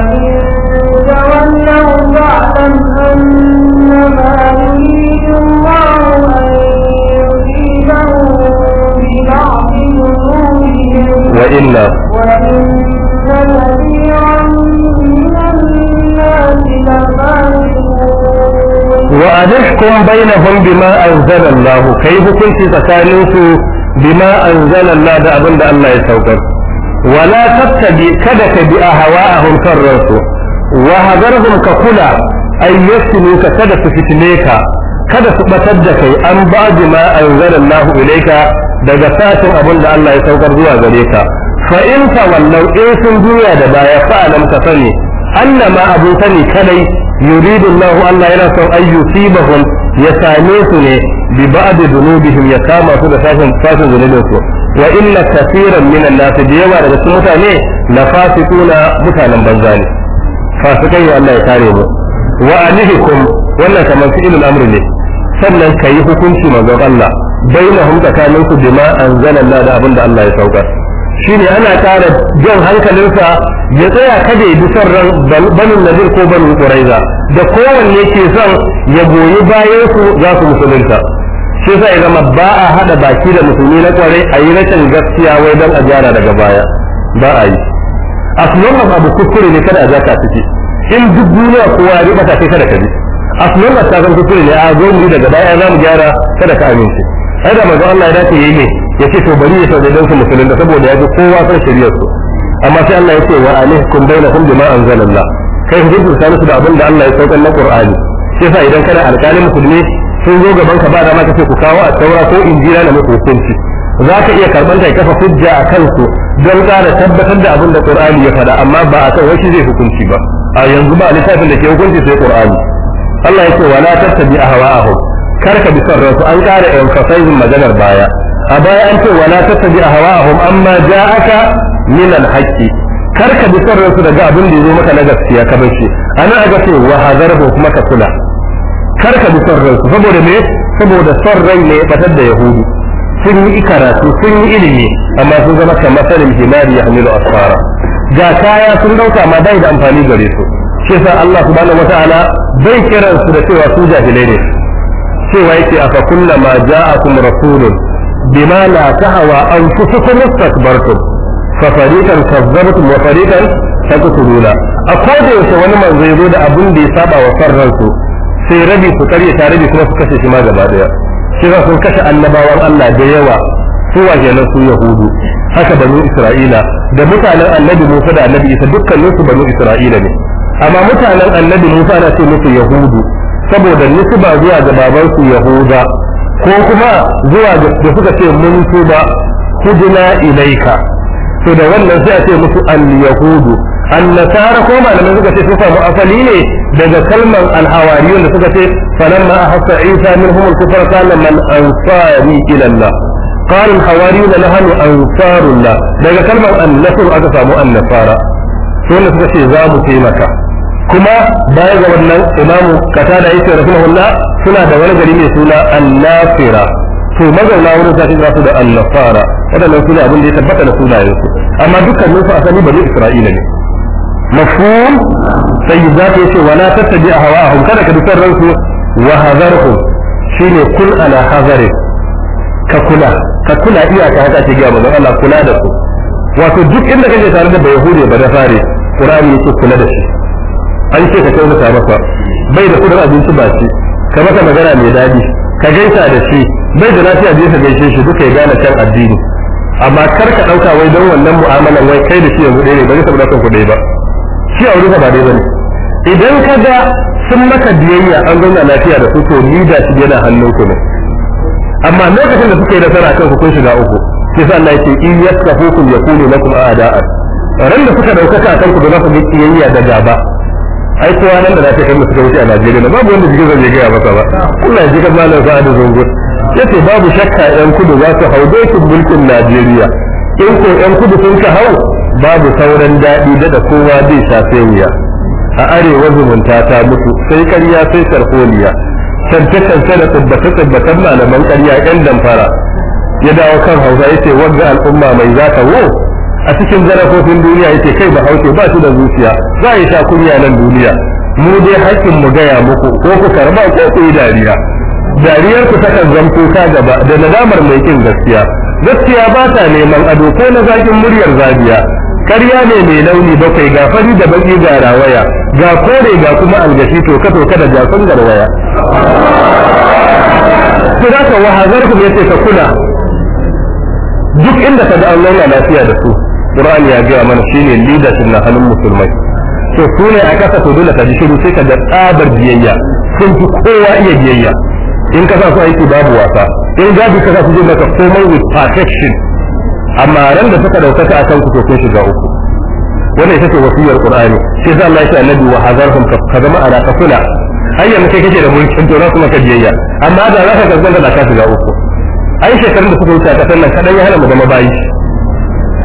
وإن تولوا الله أن وإلا وإن من الناس وأنحكم بينهم بما أنزل الله كيف كنت تسالوك بما أنزل الله ده الله يتوكل wala tattabi kada ka bi a ahwa'ahum sarransu wa hadarhum ka kula ay yasluka kada su fitne ka kada su batar da kai an ba ba'di ma anzalallahu ilayka daga satin abun da Allah ya saukar zuwa gare ka fa in tawallau sun juya da baya fa alam ka sani annama abin sani kadai yuridu Allah Allah yana son ay yusibahum ya same su ne bi ba'di ya kama su da sashin sashin zunubinsu wa inna kafiran minan nas da yawa daga cikin mutane la fasiquna mutanen banza ne fasikai ya Allah ya kare mu wa anhikum wannan kamar fi'ilul amr ne sannan kayi hukunci manzon Allah bainahum tsakanin su bima anzalallah da abinda Allah ya saukar shine ana tara jan hankalinsa ya tsaya kada ya bi son ran banin nadir ko banin quraiza da kowanne ke son ya goyi bayan su za su musulunta shi sai zama ba a hada baki da musulmi na kware a yi rashin gaskiya wai don a gyara daga baya ba a yi a sunan abu kuskure ne kada a za in duk duniya kowa ya riba ta kai kada ka bi a sunan ta zan kuskure ne a zo mu daga baya za gyara kada ka amince sai da manzo Allah ya dace yayi ne ya ce to bari ya sauke dan su musulun da saboda ya ji kowa san shari'ar su amma sai Allah ya ce wa alaikum bainakum bima anzalallah kai hukunta su da abin da Allah ya saukar na Qur'ani sai sa idan kana alƙalin musulmi sun zo gaban ka ba da ma ce ku kawo a saura ko injila na muku hukunci za ka iya karban ta kafa hujja a kansu don ƙara tabbatar da abin da qur'ani ya faɗa amma ba a kan wani zai hukunci ba a yanzu ba littafin da ke hukunci sai qur'ani Allah ya ce wala tattabi ahwa'ahum kar ka bi son ransu an ƙara emphasizing maganar baya a baya an ce wala tattabi ahwa'ahum amma ja'aka min al-haqqi kar ka bi son ransu daga abin da ya zo maka na gaskiya ka bar shi ana ga ce wa hadarhu kuma ka kula kar ka bi son ransu saboda me saboda son rai ne ya batar da yahudu sun yi karatu sun yi ilimi amma sun zama kamar sanin himari ya hamilu asfara ga kaya sun dauka amma bai da amfani gare su shi yasa Allah subhanahu wataala bai kiran su da cewa su jahilai ne cewa yake afa kullama ja'akum rasulun bima la tahwa anfusukum istakbartum fa fariqan kazzabtum wa fariqan taqtuluna akwai da wani manzo yazo da abin da ya saba wa farransu sai rabi su ta rabi kuma su kashe shi ma gaba daya shi za sun kashe annabawan Allah da yawa su nan su yahudu haka banu isra'ila da mutanen annabi musa da annabi isa dukkanin su banu isra'ila ne amma mutanen annabi musa na ce musu yahudu saboda ba zuwa ga babansu yahuda ko kuma zuwa da suka ce mun tuba hudina ilaika to da wannan sai a ce musu al yahudu annasara ko malamai suka ce sun samu asali ne daga kalman alhawariyun da suka ce falamma ahassa isa minhum al-kufra kana man ansari ila Allah قال الحواريون نحن أنصار daga kalman النصر aka samu annasara sun suka ce za mu taimaka kuma baya ga wannan imamu kata da yake rahimahullah suna da wani gari mai suna annasira to mazauna wurin sa za su da annasara wadannan suna abin da ya tabbata da sunayensu amma dukkan nufa asali bari isra'ila ne mafhum sai za ta yace wala tattabi ahwa'ahum kada ka dukkan ransu wa hadarhum shine kul ala hadari ka kula ka kula iyaka haka ce ga manzon Allah kula da su wato duk inda kake tare da bayahude ba da fare qur'ani yake kula da shi an ce ka kyautata masa bai da kudin abinci ba shi ka masa magana mai daɗi ka gaisa da shi bai da lafiya je ka gaishe shi duka ya gane kan addini amma kar ka ɗauka wai don wannan mu'amalan wai kai da shi yanzu ɗaya ne ba zai saboda kan kuɗi ba shi a ba dai bane idan ka ga sun maka biyayya an zauna lafiya da su to da shi yana hannun ku ne amma lokacin da suka yi nasara kan ku kun shiga uku shi sa Allah yake in yaskafukum yakunu lakum a'da'an ran da suka dauka kan ku da za ku yi da gaba ai kowa nan da na kan da suka wuce a Najeriya ne babu wanda jikin zai gaya masa ba Allah ya ji kan malam sa'adu zungur yace babu shakka yan kudu za su hau dokin mulkin Najeriya in ko yan kudu sun ka hau babu sauran daɗi da kowa zai shafe wuya a arewa zumunta ta mutu sai karya sai sarkoniya cance-cance da tabbata tsubbacen malaman ƙarya yan damfara ya dawo kan hausa ya ce wanda al'umma mai za ta wo a cikin zarafofin duniya ya kai ba ba shi da zuciya za a yi sha kunya nan duniya mu dai hakkin mu gaya muku ko ku karba ko ku yi dariya dariyar ku takan zamto ta gaba da nadamar mai kin gaskiya gaskiya ba ta neman ado ko na zaƙin muryar zabiya ƙarya ne mai launi bakwai ga fari da baki ga rawaya ga kore ga kuma algashi to ka toka da jason garwaya su za ka wahazar ku yace ka kula duk inda ka ga an launa lafiya da su Qur'ani ya gaya mana shine leadership na hannun musulmai to su ne a kasa to dole ka ji shiru sai ka ga tsabar biyayya sun fi kowa iya biyayya in ka su aiki babu wasa in gabi ka sa su da maka komai with perfection amma ran da suka daukaka akan ku to kun shiga uku wannan ita ce wasiyar qur'ani shi za Allah ya annabi wa hazarhum ka zama ala kasula ayya muke kake da mulkin to kuma ka jiyayya. amma da za ka gaskanta da ka shiga uku ai shekarun da suka wuce a kasar nan kadan ya hana mu zama bayi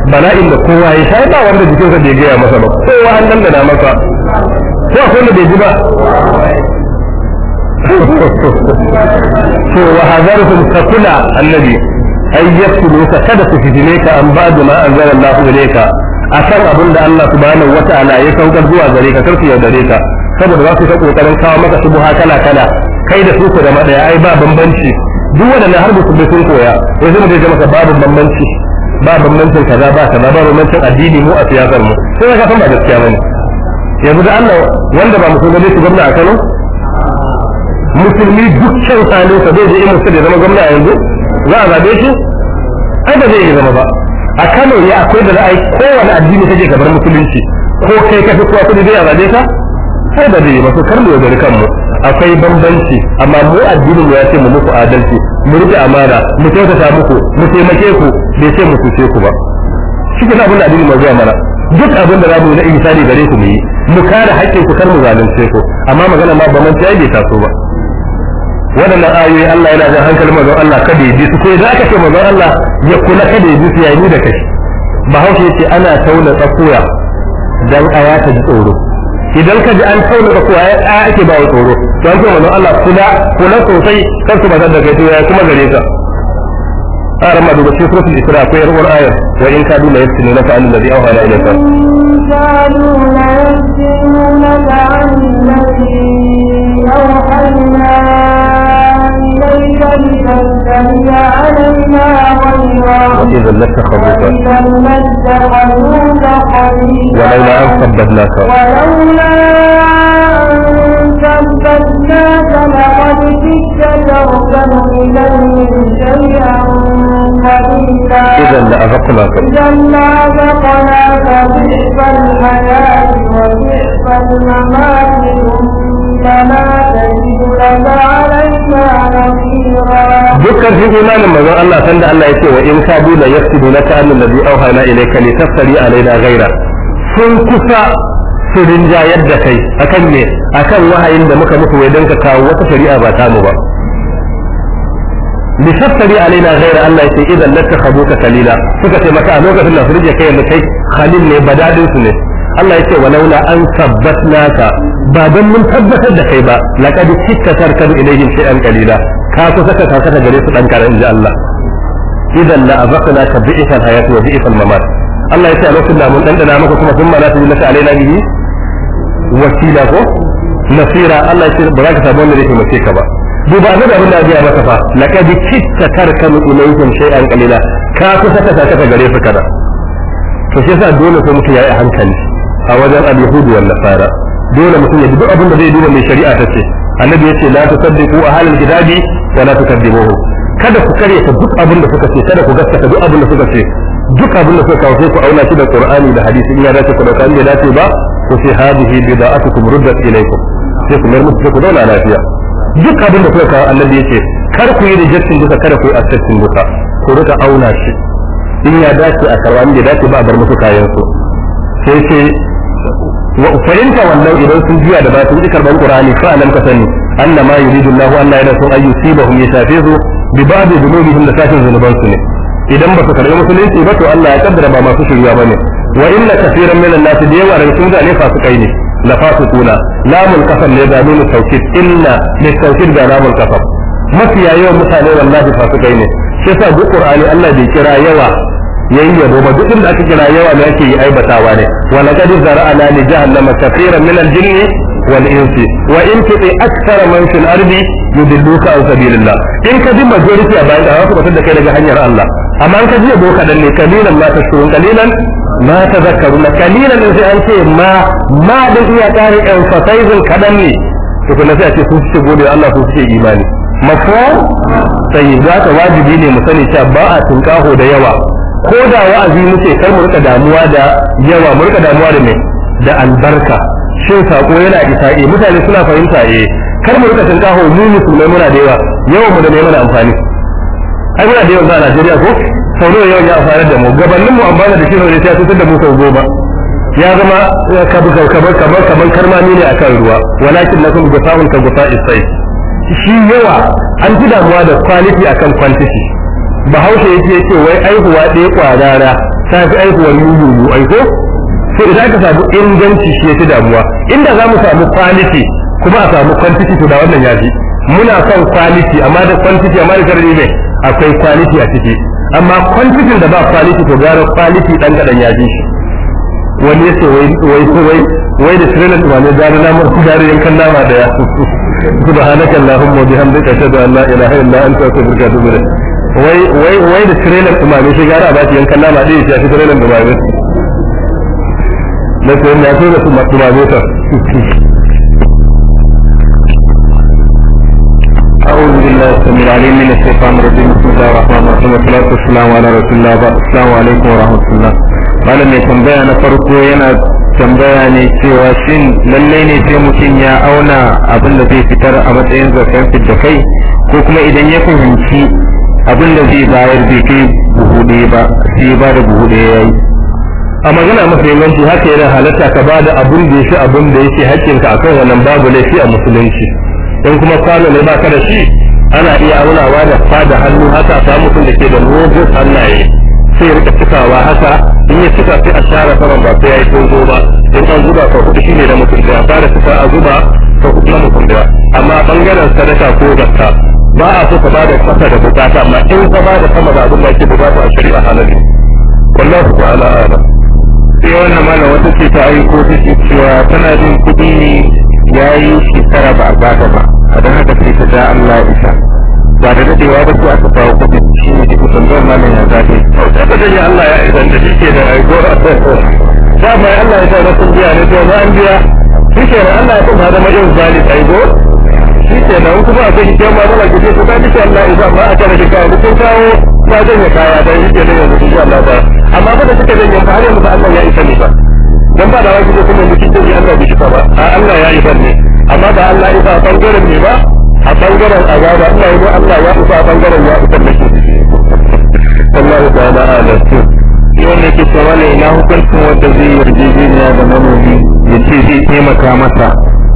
bala'in da kowa ya sha ba wanda jikinsa bai gaya masa ba kowa an dangana masa ko akwai wanda bai ji ba to wa hazarukum ka kula annabi ay yaqtuluka kada su fitine ka an ba'da ma anzala Allahu A akan abin da Allah subhanahu wata'ala ya saukar zuwa gare ka karfi yaudare ka saboda za su ta kokarin kawo maka buha kala kala kai da su ku da madaya ai ba bambanci duk na har mutum sun koya yanzu mu je maka babu bambanci ba bambancin kaza ba kaza ba bambancin addini mu a siyasar mu sai ka san ba gaskiya bane yanzu da Allah wanda ba musulmi ne su gwamna a Kano musulmi duk shan sa zai je imin su da zama gwamna yanzu za a zabe su ai ba zai zama ba a Kano ya akwai da za'ai kowane addini take gabar musulunci ko kai kafi fi kowa kudi zai a zabe ka sai da zai ba to kar mu gari kanmu akwai bambanci amma mu addini mu ya ce mu muku adalci mu rike amana mu kyautata muku mu taimake ku bai ce mu cuce ku ba shi ke abin da addini mu zuwa mana duk abin da mu yi na insani gare ku mu yi mu kare haƙƙin ku kar mu zalunce ku amma magana ma ba man ta bai taso ba waɗannan ayoyi Allah yana jan hankalin manzon Allah kada ya ji su sai idan aka ce manzon Allah ya kula kada ya ji su yayi da kai bahaushe yace ana tauna tsakuya dan aya ta ji tsoro idan ka ji an tauna tsakuya ya aya ake ba tsoro to an ce manzon Allah kula kula sosai kar su bazar da kai to ya kuma gare ka a rama duba cikin suratul isra akwai yar uwar ayar wa in kadu la yaftinuna fa annal ladhi awhana ilayka kadu la yaftinuna وإذا لاتخذوك وإذا ولولا أن ثبتناك ولولا أن ثبتناك لقد كدت تركن إليهم شيئا قليلا إذا لأذقناك إذا لأذقناك ضعف الحياة وضعف الممات dukkan shi imanin manzon Allah sanda Allah ya ce wa in ka kadu la yafsidu laka annal ladhi awhayna ilayka li tafsari alaina ghayra sun kusa su rinja yadda kai akan me akan wahayin da muka muku wai ka kawo wata shari'a ba ta mu ba li tafsari alaina ghayra Allah ya ce idan na ta kabo ka kalila suka ce maka a lokacin da su rinja kai kai khalil ne badadin su ne Allah ya yake walaula an sabbatnaka ba don mun tabbatar da kai ba laqad kitta tarkanu ilayhim shay'an qalila ka kusa ka kasa da gare su dan karan inji Allah idan la azaqna ka bi'sa al-hayat wa bi'sa al Allah ya ce a lokacin da mun dandana maka kuma sun ma za su yi alaina bihi wakila ko nasira Allah ya ce ba za ka samu wanda zai taimake ka ba duba annabi abin da ya maka fa laqad kitta tarkanu ilayhim shay'an qalila ka kusa ka kasa da gare su kada to shi yasa dole sai mutum yayi a hankali a wajen al-yahudi wal nasara dole mutum ya duk abin da zai duba mai shari'a ta ce annabi ya ce la tusaddiqu ahlal kitabi wa la tukadzibuhu kada ku kare ta duk abin da suka ce kada ku gaskata duk abin da suka ce duk abin da suka kawo ku auna shi da qur'ani da hadisi in ya dace ku dauka in ya dace ba ku ce hadihi bida'atukum ruddat ilaykum sai ku marmu ku dauna lafiya duk abin da kuka kawo annabi ya ce kar ku yi rejection duka kada ku yi accepting duka ku rika auna shi in ya dace a karwa in ya dace ba a bar musu kayan su sai ce wa ufarinta wallau idan sun juya da basu wuce karban qur'ani fa lam kasani anna ma yuridu allah an yada sun ayu sibahum yashafizu bi ba'd dhunubihim la kafin dhunuban sunni idan ba su karbi musulunci ba to allah ya kaddara ba masu shirya bane wa inna kaseeran min annasi da yawa daga cikin zane fasikai ne la fasikuna lamul kasal ne da nunu tawkid illa min tawkid da lamul kasal mafiya yawan mutane wallahi fasikai ne shi yasa duk ƙur'ani allah bai kira yawa yayi yabo ba duk inda aka kira yawa ne ake yi aibatawa ne wa laqad zara'ana li jahannama kathiran min al-jinni wal insi wa in tuti akthara man fil ardi yudilluka an sabilillah in ka bi majority a bayan da ba da kai daga hanyar Allah amma in ka ji yabo kadan ne kalilan ma tashkurun kalilan ma tadhakkarun kalilan sai an ce ma ma din iya kare emphasizing kadan ne to kuma sai a ce sun ce gode Allah sun ce imani mafa sai za ta wajibi ne mu sani cewa ba a tunkaho da yawa ko da wa'azi muke kar mu rika damuwa da yawa mu rika damuwa da me da albarka shin sako yana isa eh mutane suna fahimta eh kar mu rika tunkaho mu musulmai muna da yawa yawan mu da ne mana amfani ai muna da yawan a Najeriya ko sau nawa yawan ya fara da mu gabanin mu amfana da shi ne sai tutar da mu sau goma ya zama kabar eh, kabar kabar kabar karmami ne akan ruwa walakin lakum gusa'un ka gusa'is sai shi yawa an ji damuwa da quality akan quantity bahaushe yake ce wai aihuwa ɗaya kwadara ta fi aihuwar yuyuyu aiko sai idan aka samu inganci shi yace damuwa inda za mu samu quality kuma a samu quantity to da wannan yaji muna son quality amma da quantity amma da karni ne akwai quality a ciki amma quantity da ba quality to gara quality dan gadan yaji shi wani ya wai wai wai wai da trailer ba ne gara na mu gara yankan nama da ya subhanakallahumma wa bihamdika ashhadu an la ilaha illa anta astaghfiruka wa atubu ilayk wai wai wai da trailer dumame shi gara ba shi yankan nama ɗaya shi fi trailer dumame na ce na so da kuma dumame ta أعوذ بالله السميع العليم من الشيطان الرجيم بسم الله الرحمن الرحيم والصلاة والسلام على رسول الله السلام عليكم ورحمة الله قال mai tambaya na farko yana tambaya ne cewa shin lallai ne sai mutum ya auna abin da zai fitar a matsayin zakan da kai ko kuma idan ya fahimci abin da zai bayar bai kai buhu ɗaya ba sai ba da buhu ɗaya yi a magana mafi inganci haka yana halatta ka ba da abin da ya fi abin da yake haƙƙinka akan wannan babu laifi a musulunci in kuma kwano ne ba ka da shi ana iya aunawa da fada hannu haka a samu da ke da mugun hannaye sai rika cikawa haka in ya cika sai a share saman ba sai ya yi tozo ba in an zuba sau shi ne da mutum da ya fara cika a zuba ka hudu na mutum da amma bangaren sadaka ko gasta ba a so ka bada kasa da bukata amma in ka bada sama da abin da ake bukata a shari'a halali wallahi ta'ala ala. sai wannan malam wata ce ta yi ko ce cewa tana jin kudi ne ya yi shekara ba a bata ba a don haka sai ta da Allah isa ba da dadewa ba ko aka kawo kudi shi ne duk tambayar malam ya zaɓe ta da dai Allah ya idan da shi ke da aiko ta bai Allah ya sa na sun biya ne to ba an biya shi ke Allah ya kuma majin irin ai aiko shi ke nan kuma a kyan ce kuma Allah in kun kawo na janye kaya dan shi ke nan yanzu insha Allah ba amma da suka janye har yanzu ba Allah ya isa ba dan ba da wani kuma mutum Allah bai ba a Allah ya isa ne amma Allah isa a bangaren ne ba a bangaren azaba Allah ya Allah ya isa a bangaren ya isa ne Allah wannan ke ne na hukuncin wanda zai yarjejeniya da manomi ya ce zai taimaka masa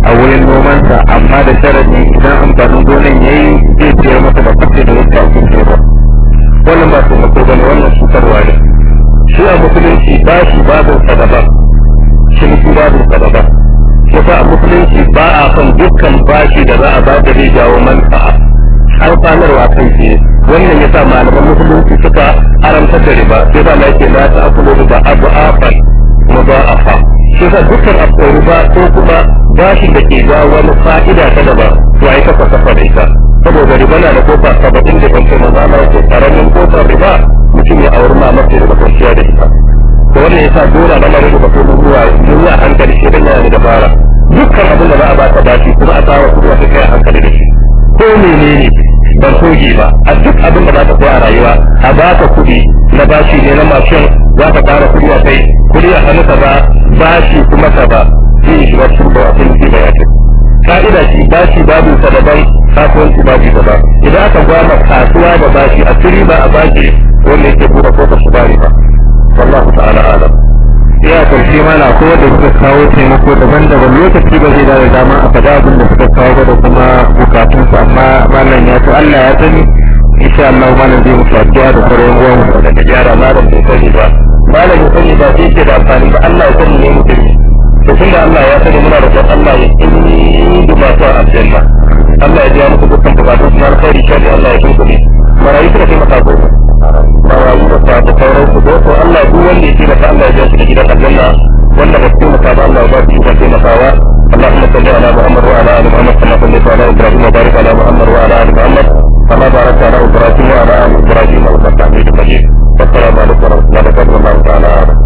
a wurin nomansa amma da sharadi idan amfanin gonan ya yi zai ciyar masa da kwace da wasu abin ba wannan ba su mako bane wannan cutarwa ne shi a musulunci ba shi babu sadaba ba babu sadaba yasa a musulunci ba a son dukkan bashi da za a ba da zai jawo manfa'a amfanarwa kai tsaye wannan sa malaman musulunci suka haramtar da riba sai ba ke na ta a fa abu ba a fa yasa dukkan riba ko kuma ba shi da ke ga wani fa'ida ta daba to ai kafa kafa da ita saboda riba na da kofa sabbin da ban kai maza ko karamin kofa riba mutum ya auri ma mafi da kwanciya da ita to wannan yasa dole na mara da kuma ruwa ruwa hankali shi dan yana da fara dukkan abin da za a baka bashi kuma a kawo kuma ta kai hankali da shi ko menene ban soge ba a duk abin da za ka koya a rayuwa a baka kuɗi na bashi ne na mashin za ka kara kuɗi a kai kuɗi a hannu ka ba bashi kuma ka ba zai shiga cikin abin da ya ce. ka'ida shi bashi babu sa daban kasuwanci bashi daban idan aka gwana kasuwa da bashi a turi ba a bashi wanda yake buɗe ko su bari ba wallahu ta'ala alam ya karshe mana ko da suka kawo taimako daban-daban lokaci ba zai da dama a faɗa abin da suka kawo ba da kuma bukatunsu amma malam ya to Allah ya sani insha Allah malam zai mutu addu'a da sauran uwan da gyara malam bai sani ba malam ya sani ba sai ke da amfani ba Allah ya sani ne mutum to tunda Allah ya sani muna da kwan Allah ya inda masu a aljanna Allah ya biya muku dukkan bukatun na alkhairi shari Allah ya kinsu ne marayu suka kai masa ko marayu da sa da sauran su ko to Allah duk wanda ya taimaka Allah ya biya su da gidan aljanna wanda ba su taimaka ba Allah ba su ikon taimakawa اللهم صل على محمد وعلى ال محمد كما صليت على ابراهيم وبارك على محمد وعلى ال محمد كما باركت على ابراهيم وعلى ال ابراهيم انك حميد مجيد والسلام عليكم ورحمه الله وبركاته